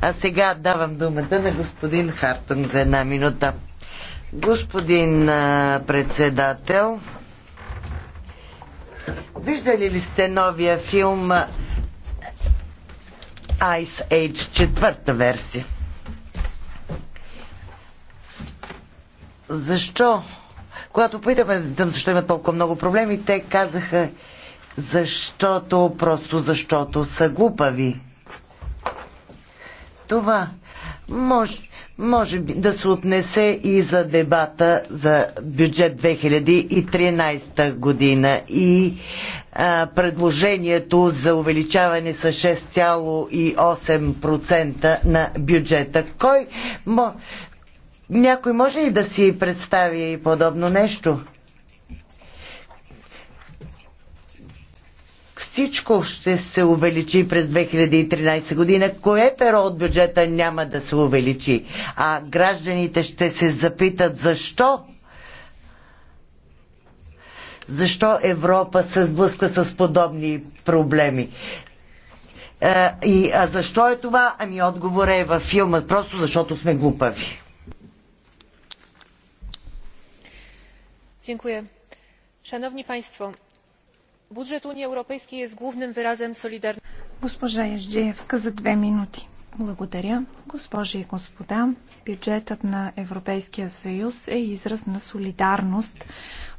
А сега давам думата на господин Хартунг за една минута. Господин председател, виждали ли сте новия филм Ice Age, четвърта версия? Защо? Когато питаме защо има толкова много проблеми, те казаха защото, просто защото са глупави. Това може, може би да се отнесе и за дебата за бюджет 2013 година и а, предложението за увеличаване с 6,8% на бюджета. Кой, мо, някой може ли да си представи подобно нещо? всичко ще се увеличи през 2013 година. Кое перо от бюджета няма да се увеличи? А гражданите ще се запитат защо защо Европа се сблъсква с подобни проблеми. А, е, и, а защо е това? Ами отговора е във филма, просто защото сме глупави. Dziękuję. Szanowni Państwo, Budżet Unii Europejskiej jest głównym wyrazem solidarności. Госпожа Яждеевска за две минути. Благодаря. Госпожи и господа, бюджетът на Европейския съюз е израз на солидарност,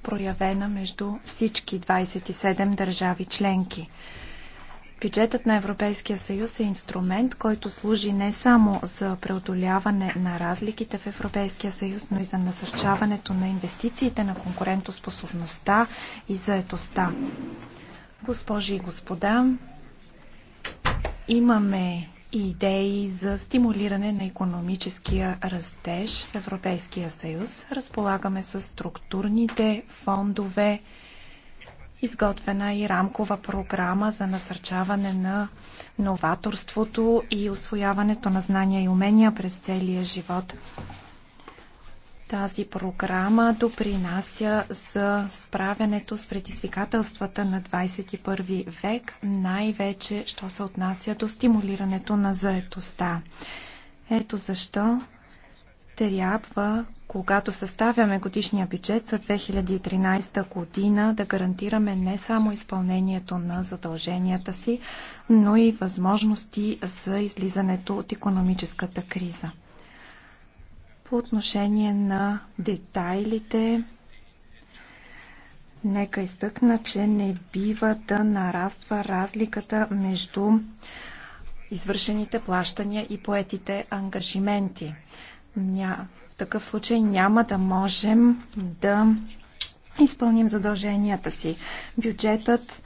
проявена между всички 27 държави членки. Бюджетът на Европейския съюз е инструмент, който служи не само за преодоляване на разликите в Европейския съюз, но и за насърчаването на инвестициите на конкурентоспособността и заетостта. Госпожи и господа, имаме идеи за стимулиране на економическия растеж в Европейския съюз. Разполагаме с структурните фондове, Изготвена и рамкова програма за насърчаване на новаторството и освояването на знания и умения през целия живот. Тази програма допринася за справянето с предизвикателствата на 21 век, най-вече, що се отнася до стимулирането на заетостта. Ето защо трябва когато съставяме годишния бюджет за 2013 година, да гарантираме не само изпълнението на задълженията си, но и възможности за излизането от економическата криза. По отношение на детайлите, нека изтъкна, че не бива да нараства разликата между извършените плащания и поетите ангажименти. Ня, в такъв случай няма да можем да изпълним задълженията си. Бюджетът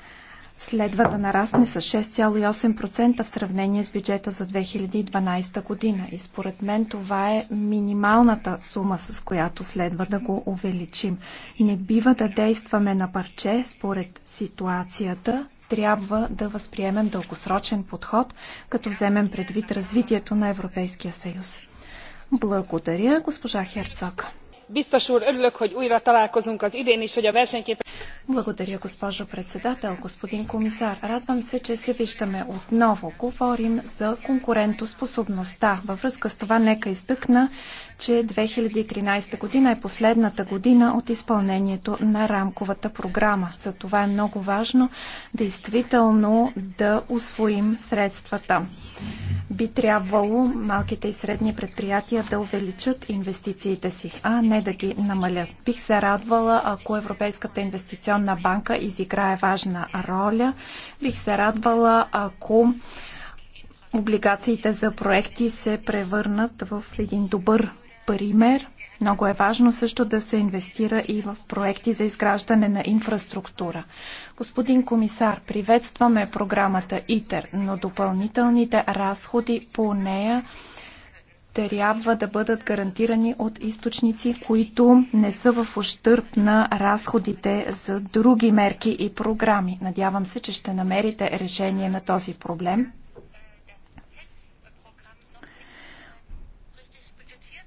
следва да нарасне с 6,8% в сравнение с бюджета за 2012 година. И според мен това е минималната сума, с която следва да го увеличим. Не бива да действаме на парче според ситуацията. Трябва да възприемем дългосрочен подход, като вземем предвид развитието на Европейския съюз. Благодаря, госпожа Херцог. Благодаря, госпожо председател, господин комисар. Радвам се, че се виждаме отново. Говорим за конкурентоспособността. Във връзка с това нека изтъкна, че 2013 година е последната година от изпълнението на рамковата програма. За това е много важно действително да освоим средствата. Би трябвало малките и средни предприятия да увеличат инвестициите си, а не да ги намалят. Бих се радвала, ако Европейската инвестиционна банка изиграе важна роля. Бих се радвала, ако облигациите за проекти се превърнат в един добър пример – много е важно също да се инвестира и в проекти за изграждане на инфраструктура. Господин комисар, приветстваме програмата ИТЕР, но допълнителните разходи по нея трябва да бъдат гарантирани от източници, които не са в ощърп на разходите за други мерки и програми. Надявам се, че ще намерите решение на този проблем.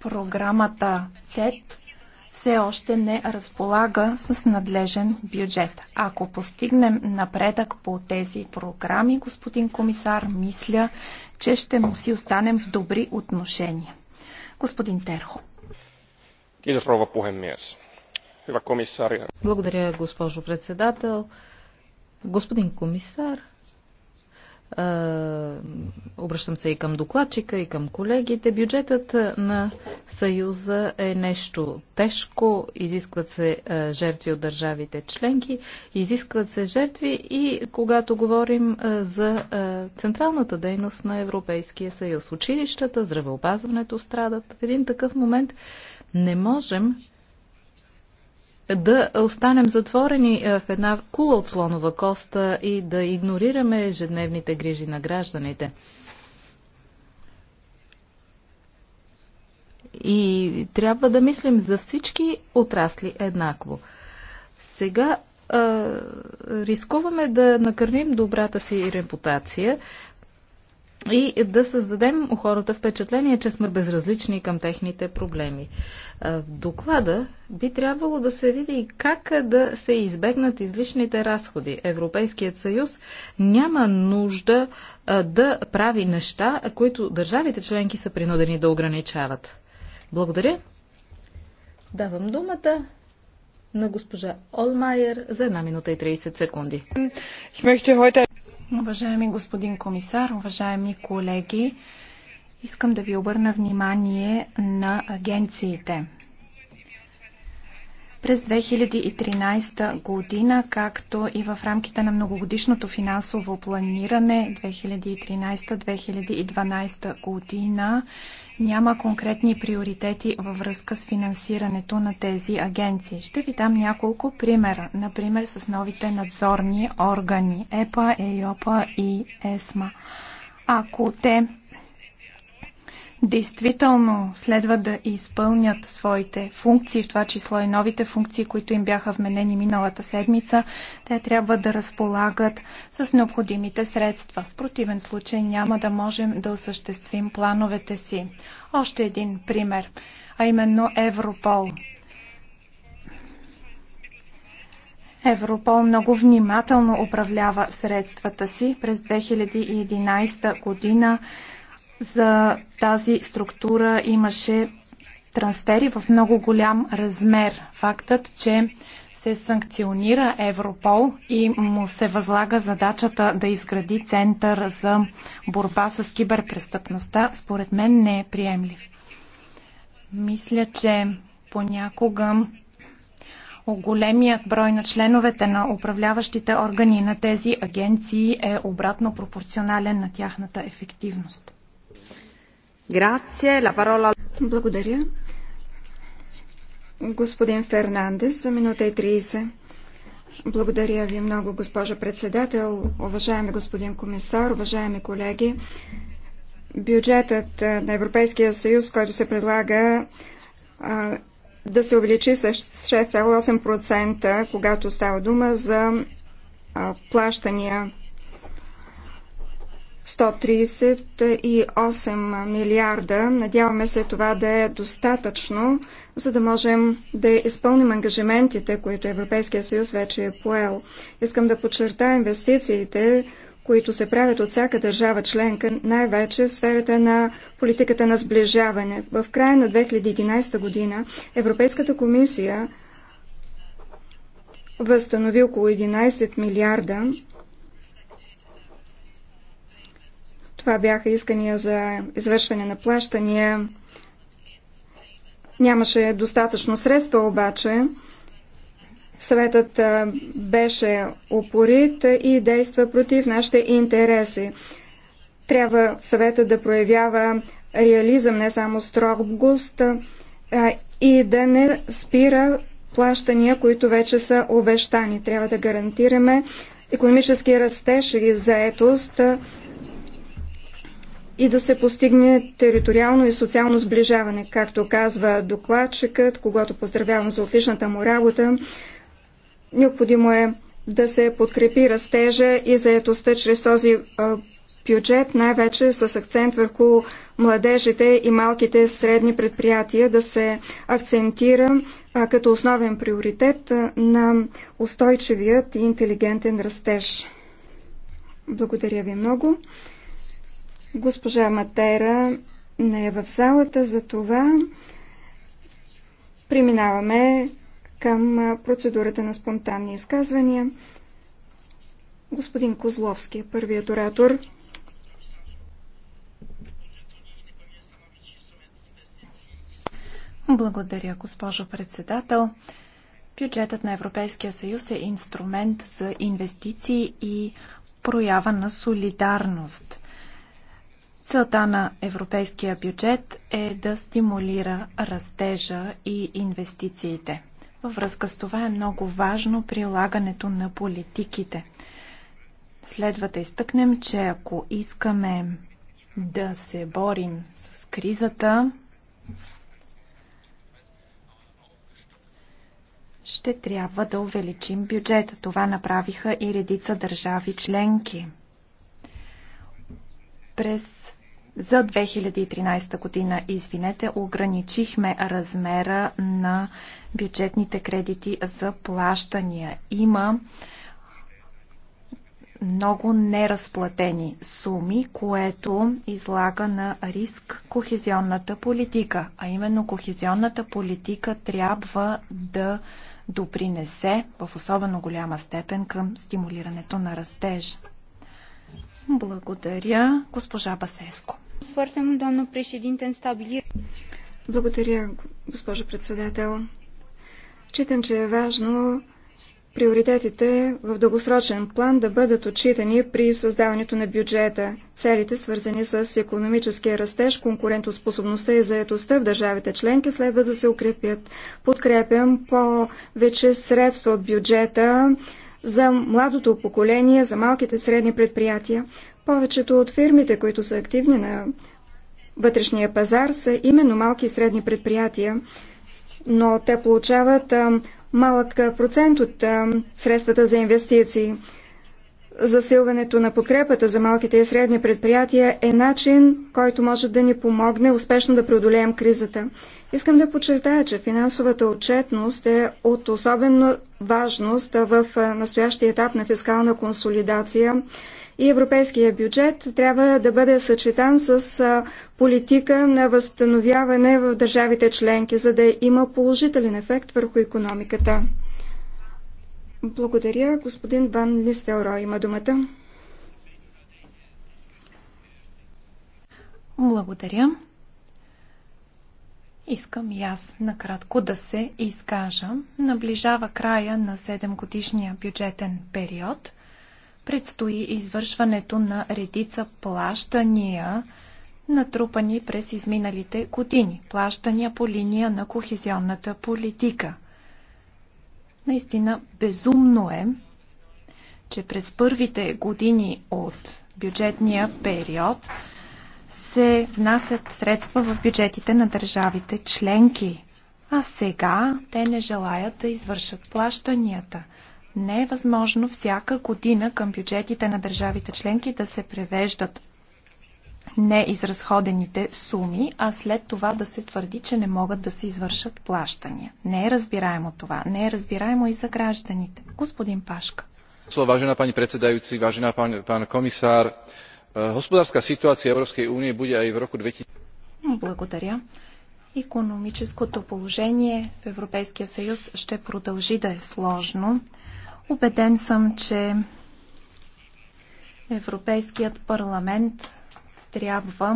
Програмата ФЕД все още не разполага с надлежен бюджет. Ако постигнем напредък по тези програми, господин комисар, мисля, че ще му си останем в добри отношения. Господин Терхо. Благодаря, госпожо председател. Господин комисар, е, обръщам се и към докладчика, и към колегите. Бюджетът на Съюза е нещо тежко, изискват се е, жертви от държавите членки, изискват се жертви и когато говорим е, за централната дейност на Европейския съюз. Училищата, здравеопазването страдат. В един такъв момент не можем да останем затворени е, в една кула от слонова коста и да игнорираме ежедневните грижи на гражданите. И трябва да мислим за всички отрасли еднакво. Сега а, е, рискуваме да накърним добрата си репутация, и да създадем у хората впечатление, че сме безразлични към техните проблеми. В доклада би трябвало да се види как да се избегнат излишните разходи. Европейският съюз няма нужда да прави неща, които държавите членки са принудени да ограничават. Благодаря. Давам думата на госпожа Олмайер за една минута и 30 секунди. Уважаеми господин комисар, уважаеми колеги, искам да ви обърна внимание на агенциите. През 2013 година, както и в рамките на многогодишното финансово планиране 2013-2012 година, няма конкретни приоритети във връзка с финансирането на тези агенции. Ще ви дам няколко примера. Например, с новите надзорни органи ЕПА, ЕЙОПА и ЕСМА. Ако те действително следва да изпълнят своите функции, в това число и новите функции, които им бяха вменени миналата седмица, те трябва да разполагат с необходимите средства. В противен случай няма да можем да осъществим плановете си. Още един пример, а именно Европол. Европол много внимателно управлява средствата си. През 2011 година за тази структура имаше трансфери в много голям размер. Фактът, че се санкционира Европол и му се възлага задачата да изгради център за борба с киберпрестъпността, според мен не е приемлив. Мисля, че понякога големият брой на членовете на управляващите органи на тези агенции е обратно пропорционален на тяхната ефективност. Благодаря. Господин Фернандес, за минута и 30. Благодаря ви много, госпожа председател, уважаеми господин комисар, уважаеми колеги. Бюджетът на Европейския съюз, който се предлага да се увеличи с 6,8%, когато става дума за плащания 138 милиарда. Надяваме се това да е достатъчно, за да можем да изпълним ангажиментите, които Европейския съюз вече е поел. Искам да подчертая инвестициите, които се правят от всяка държава членка, най-вече в сферата на политиката на сближаване. В края на 2011 година Европейската комисия възстанови около 11 милиарда Това бяха искания за извършване на плащания. Нямаше достатъчно средства обаче. Съветът беше упорит и действа против нашите интереси. Трябва съветът да проявява реализъм, не само строгост и да не спира плащания, които вече са обещани. Трябва да гарантираме економически растеж и заетост, и да се постигне териториално и социално сближаване. Както казва докладчикът, когато поздравявам за отличната му работа, необходимо е да се подкрепи растежа и заетостта чрез този бюджет, най-вече с акцент върху младежите и малките средни предприятия, да се акцентира като основен приоритет на устойчивият и интелигентен растеж. Благодаря ви много. Госпожа Матера не е в залата, за това преминаваме към процедурата на спонтанни изказвания. Господин Козловски е първият оратор. Благодаря, госпожо председател. Бюджетът на Европейския съюз е инструмент за инвестиции и проява на солидарност. Целта на европейския бюджет е да стимулира растежа и инвестициите. Във връзка с това е много важно прилагането на политиките. Следва да изтъкнем, че ако искаме да се борим с кризата, ще трябва да увеличим бюджета. Това направиха и редица държави членки. През за 2013 година, извинете, ограничихме размера на бюджетните кредити за плащания. Има много неразплатени суми, което излага на риск кохезионната политика. А именно кохезионната политика трябва да допринесе в особено голяма степен към стимулирането на растежа. Благодаря, госпожа Басеско. Благодаря, госпожо председател. Читам, че е важно приоритетите в дългосрочен план да бъдат отчитани при създаването на бюджета. Целите, свързани с економическия растеж, конкурентоспособността и заетостта в държавите членки, следва да се укрепят. Подкрепям повече средства от бюджета за младото поколение, за малките средни предприятия. Повечето от фирмите, които са активни на вътрешния пазар, са именно малки и средни предприятия, но те получават малък процент от средствата за инвестиции. Засилването на покрепата за малките и средни предприятия е начин, който може да ни помогне успешно да преодолеем кризата. Искам да подчертая, че финансовата отчетност е от особена важност в настоящия етап на фискална консолидация, и европейския бюджет трябва да бъде съчетан с политика на възстановяване в държавите членки, за да има положителен ефект върху економиката. Благодаря. Господин Ван Листелро има думата. Благодаря. Искам и аз накратко да се изкажа. Наближава края на 7 годишния бюджетен период предстои извършването на редица плащания, натрупани през изминалите години. Плащания по линия на кохезионната политика. Наистина безумно е, че през първите години от бюджетния период се внасят средства в бюджетите на държавите членки, а сега те не желаят да извършат плащанията – не е възможно всяка година към бюджетите на държавите членки да се превеждат неизразходените суми, а след това да се твърди, че не могат да се извършат плащания. Не е разбираемо това. Не е разбираемо и за гражданите. Господин Пашка. Vážená pani predsedajúci, vážená pán, pán komisár, hospodárska situácia Európskej únie bude aj v roku 2000... Благодаря. Економическото положение в Европейския съюз ще продължи да е сложно. Убеден съм, че Европейският парламент трябва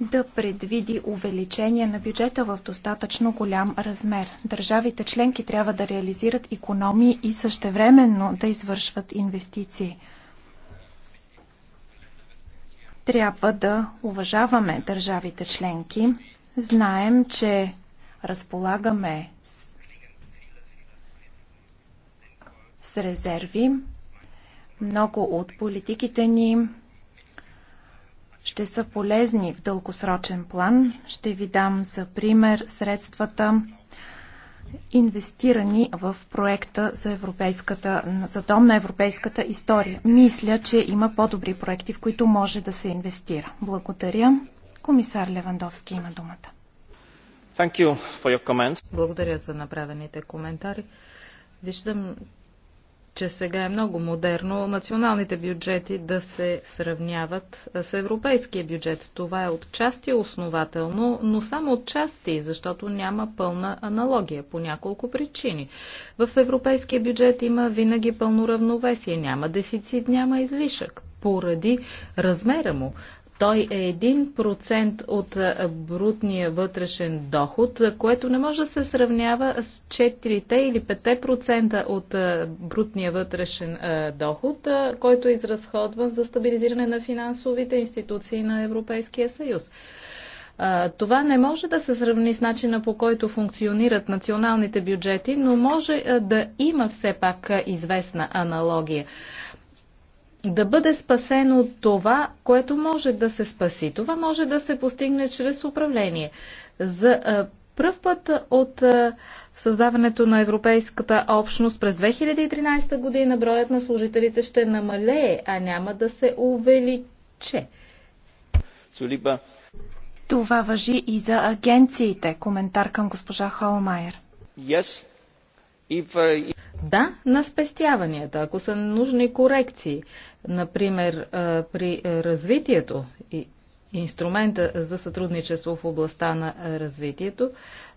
да предвиди увеличение на бюджета в достатъчно голям размер. Държавите членки трябва да реализират економии и същевременно да извършват инвестиции. Трябва да уважаваме държавите членки. Знаем, че разполагаме с резерви. Много от политиките ни ще са полезни в дългосрочен план. Ще ви дам за пример средствата инвестирани в проекта за, европейската, за дом на европейската история. Мисля, че има по-добри проекти, в които може да се инвестира. Благодаря. Комисар Левандовски има думата. Thank you for your Благодаря за направените коментари. Виждам, че сега е много модерно националните бюджети да се сравняват с европейския бюджет. Това е отчасти основателно, но само отчасти, защото няма пълна аналогия по няколко причини. В европейския бюджет има винаги пълно равновесие, няма дефицит, няма излишък поради размера му. Той е 1% от брутния вътрешен доход, което не може да се сравнява с 4 или 5% от брутния вътрешен доход, който е изразходван за стабилизиране на финансовите институции на Европейския съюз. Това не може да се сравни с начина по който функционират националните бюджети, но може да има все пак известна аналогия да бъде спасено това, което може да се спаси. Това може да се постигне чрез управление. За пръв път от създаването на Европейската общност през 2013 година броят на служителите ще намалее, а няма да се увеличе. Това въжи и за агенциите. Коментар към госпожа Холмайер. Yes. If, uh... Да, на спестяванията, ако са нужни корекции, например при развитието и инструмента за сътрудничество в областта на развитието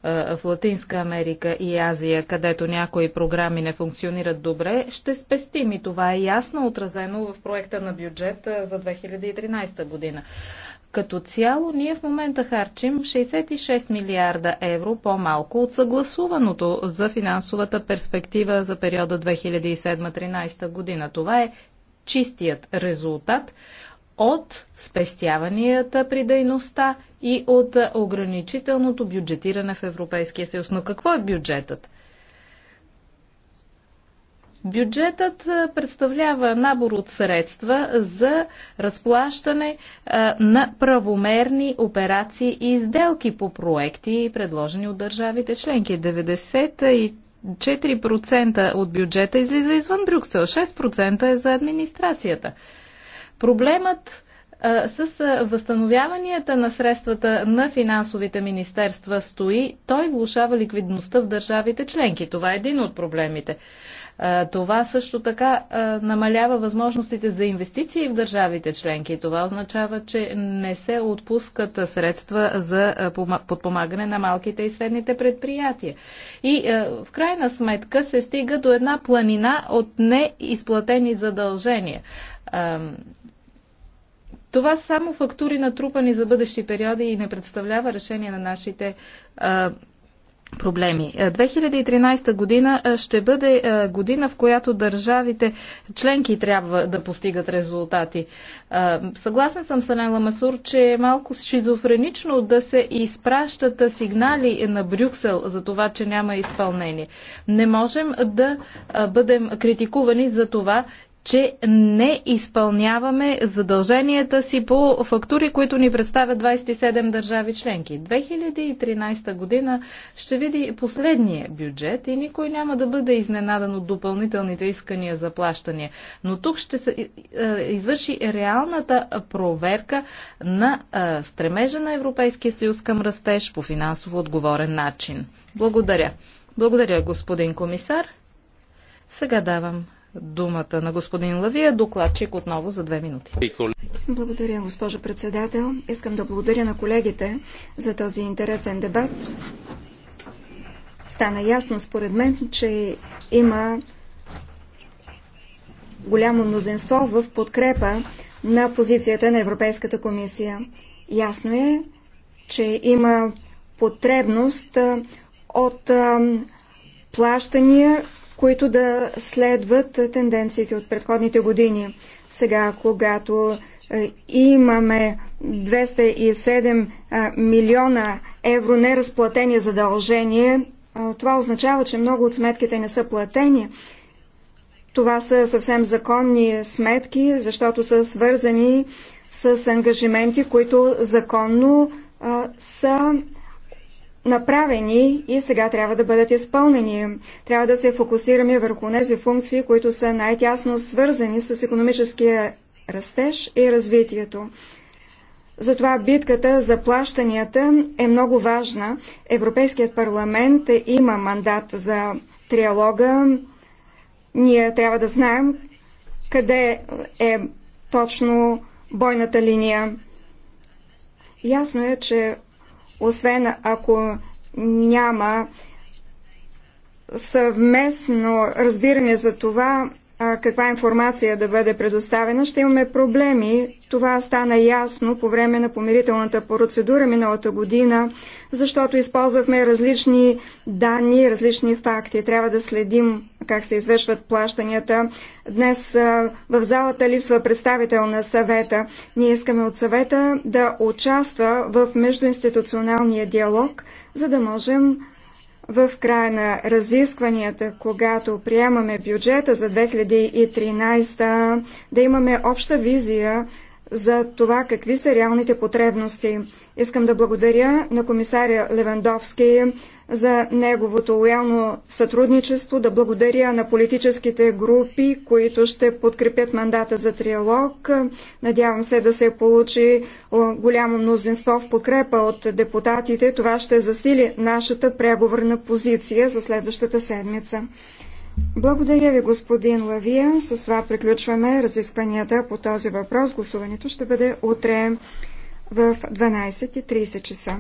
в Латинска Америка и Азия, където някои програми не функционират добре, ще спестим и това е ясно отразено в проекта на бюджет за 2013 година. Като цяло ние в момента харчим 66 милиарда евро по-малко от съгласуваното за финансовата перспектива за периода 2007-2013 година. Това е чистият резултат от спестяванията при дейността и от ограничителното бюджетиране в Европейския съюз. Но какво е бюджетът? Бюджетът представлява набор от средства за разплащане на правомерни операции и изделки по проекти, предложени от държавите членки. 94% от бюджета излиза извън Брюксел, 6% е за администрацията. Проблемът с възстановяванията на средствата на финансовите министерства стои, той влушава ликвидността в държавите членки. Това е един от проблемите. Това също така намалява възможностите за инвестиции в държавите членки. Това означава, че не се отпускат средства за подпомагане на малките и средните предприятия. И в крайна сметка се стига до една планина от неизплатени задължения това само фактури натрупани за бъдещи периоди и не представлява решение на нашите а, проблеми. 2013 е, година ще бъде година, в която държавите членки трябва да постигат резултати. Съгласен съм с Анела Масур, че е малко шизофренично да се изпращат сигнали на Брюксел за това, че няма изпълнение. Не можем да бъдем критикувани за това, че не изпълняваме задълженията си по фактури, които ни представят 27 държави членки. 2013 година ще види последния бюджет и никой няма да бъде изненадан от допълнителните искания за плащания. Но тук ще се е, е, извърши реалната проверка на е, стремежа на Европейския съюз към растеж по финансово отговорен начин. Благодаря. Благодаря, господин комисар. Сега давам думата на господин Лавия, докладчик отново за две минути. Благодаря, госпожо председател. Искам да благодаря на колегите за този интересен дебат. Стана ясно според мен, че има голямо мнозинство в подкрепа на позицията на Европейската комисия. Ясно е, че има потребност от плащания които да следват тенденциите от предходните години. Сега, когато е, имаме 207 е, милиона евро неразплатени задължения, е, това означава, че много от сметките не са платени. Това са съвсем законни сметки, защото са свързани с ангажименти, които законно а, са направени и сега трябва да бъдат изпълнени. Трябва да се фокусираме върху тези функции, които са най-тясно свързани с економическия растеж и развитието. Затова битката за плащанията е много важна. Европейският парламент има мандат за триалога. Ние трябва да знаем къде е точно бойната линия. Ясно е, че освен ако няма съвместно разбиране за това каква информация да бъде предоставена, ще имаме проблеми. Това стана ясно по време на помирителната процедура миналата година, защото използвахме различни данни, различни факти. Трябва да следим как се извършват плащанията. Днес в залата липсва представител на съвета. Ние искаме от съвета да участва в междуинституционалния диалог, за да можем в края на разискванията, когато приемаме бюджета за 2013, да имаме обща визия за това какви са реалните потребности. Искам да благодаря на комисаря Левандовски за неговото лоялно сътрудничество, да благодаря на политическите групи, които ще подкрепят мандата за триалог. Надявам се да се получи голямо мнозинство в подкрепа от депутатите. Това ще засили нашата преговорна позиция за следващата седмица. Благодаря ви, господин Лавия. С това приключваме разискванията по този въпрос. Гласуването ще бъде утре в 12.30 часа.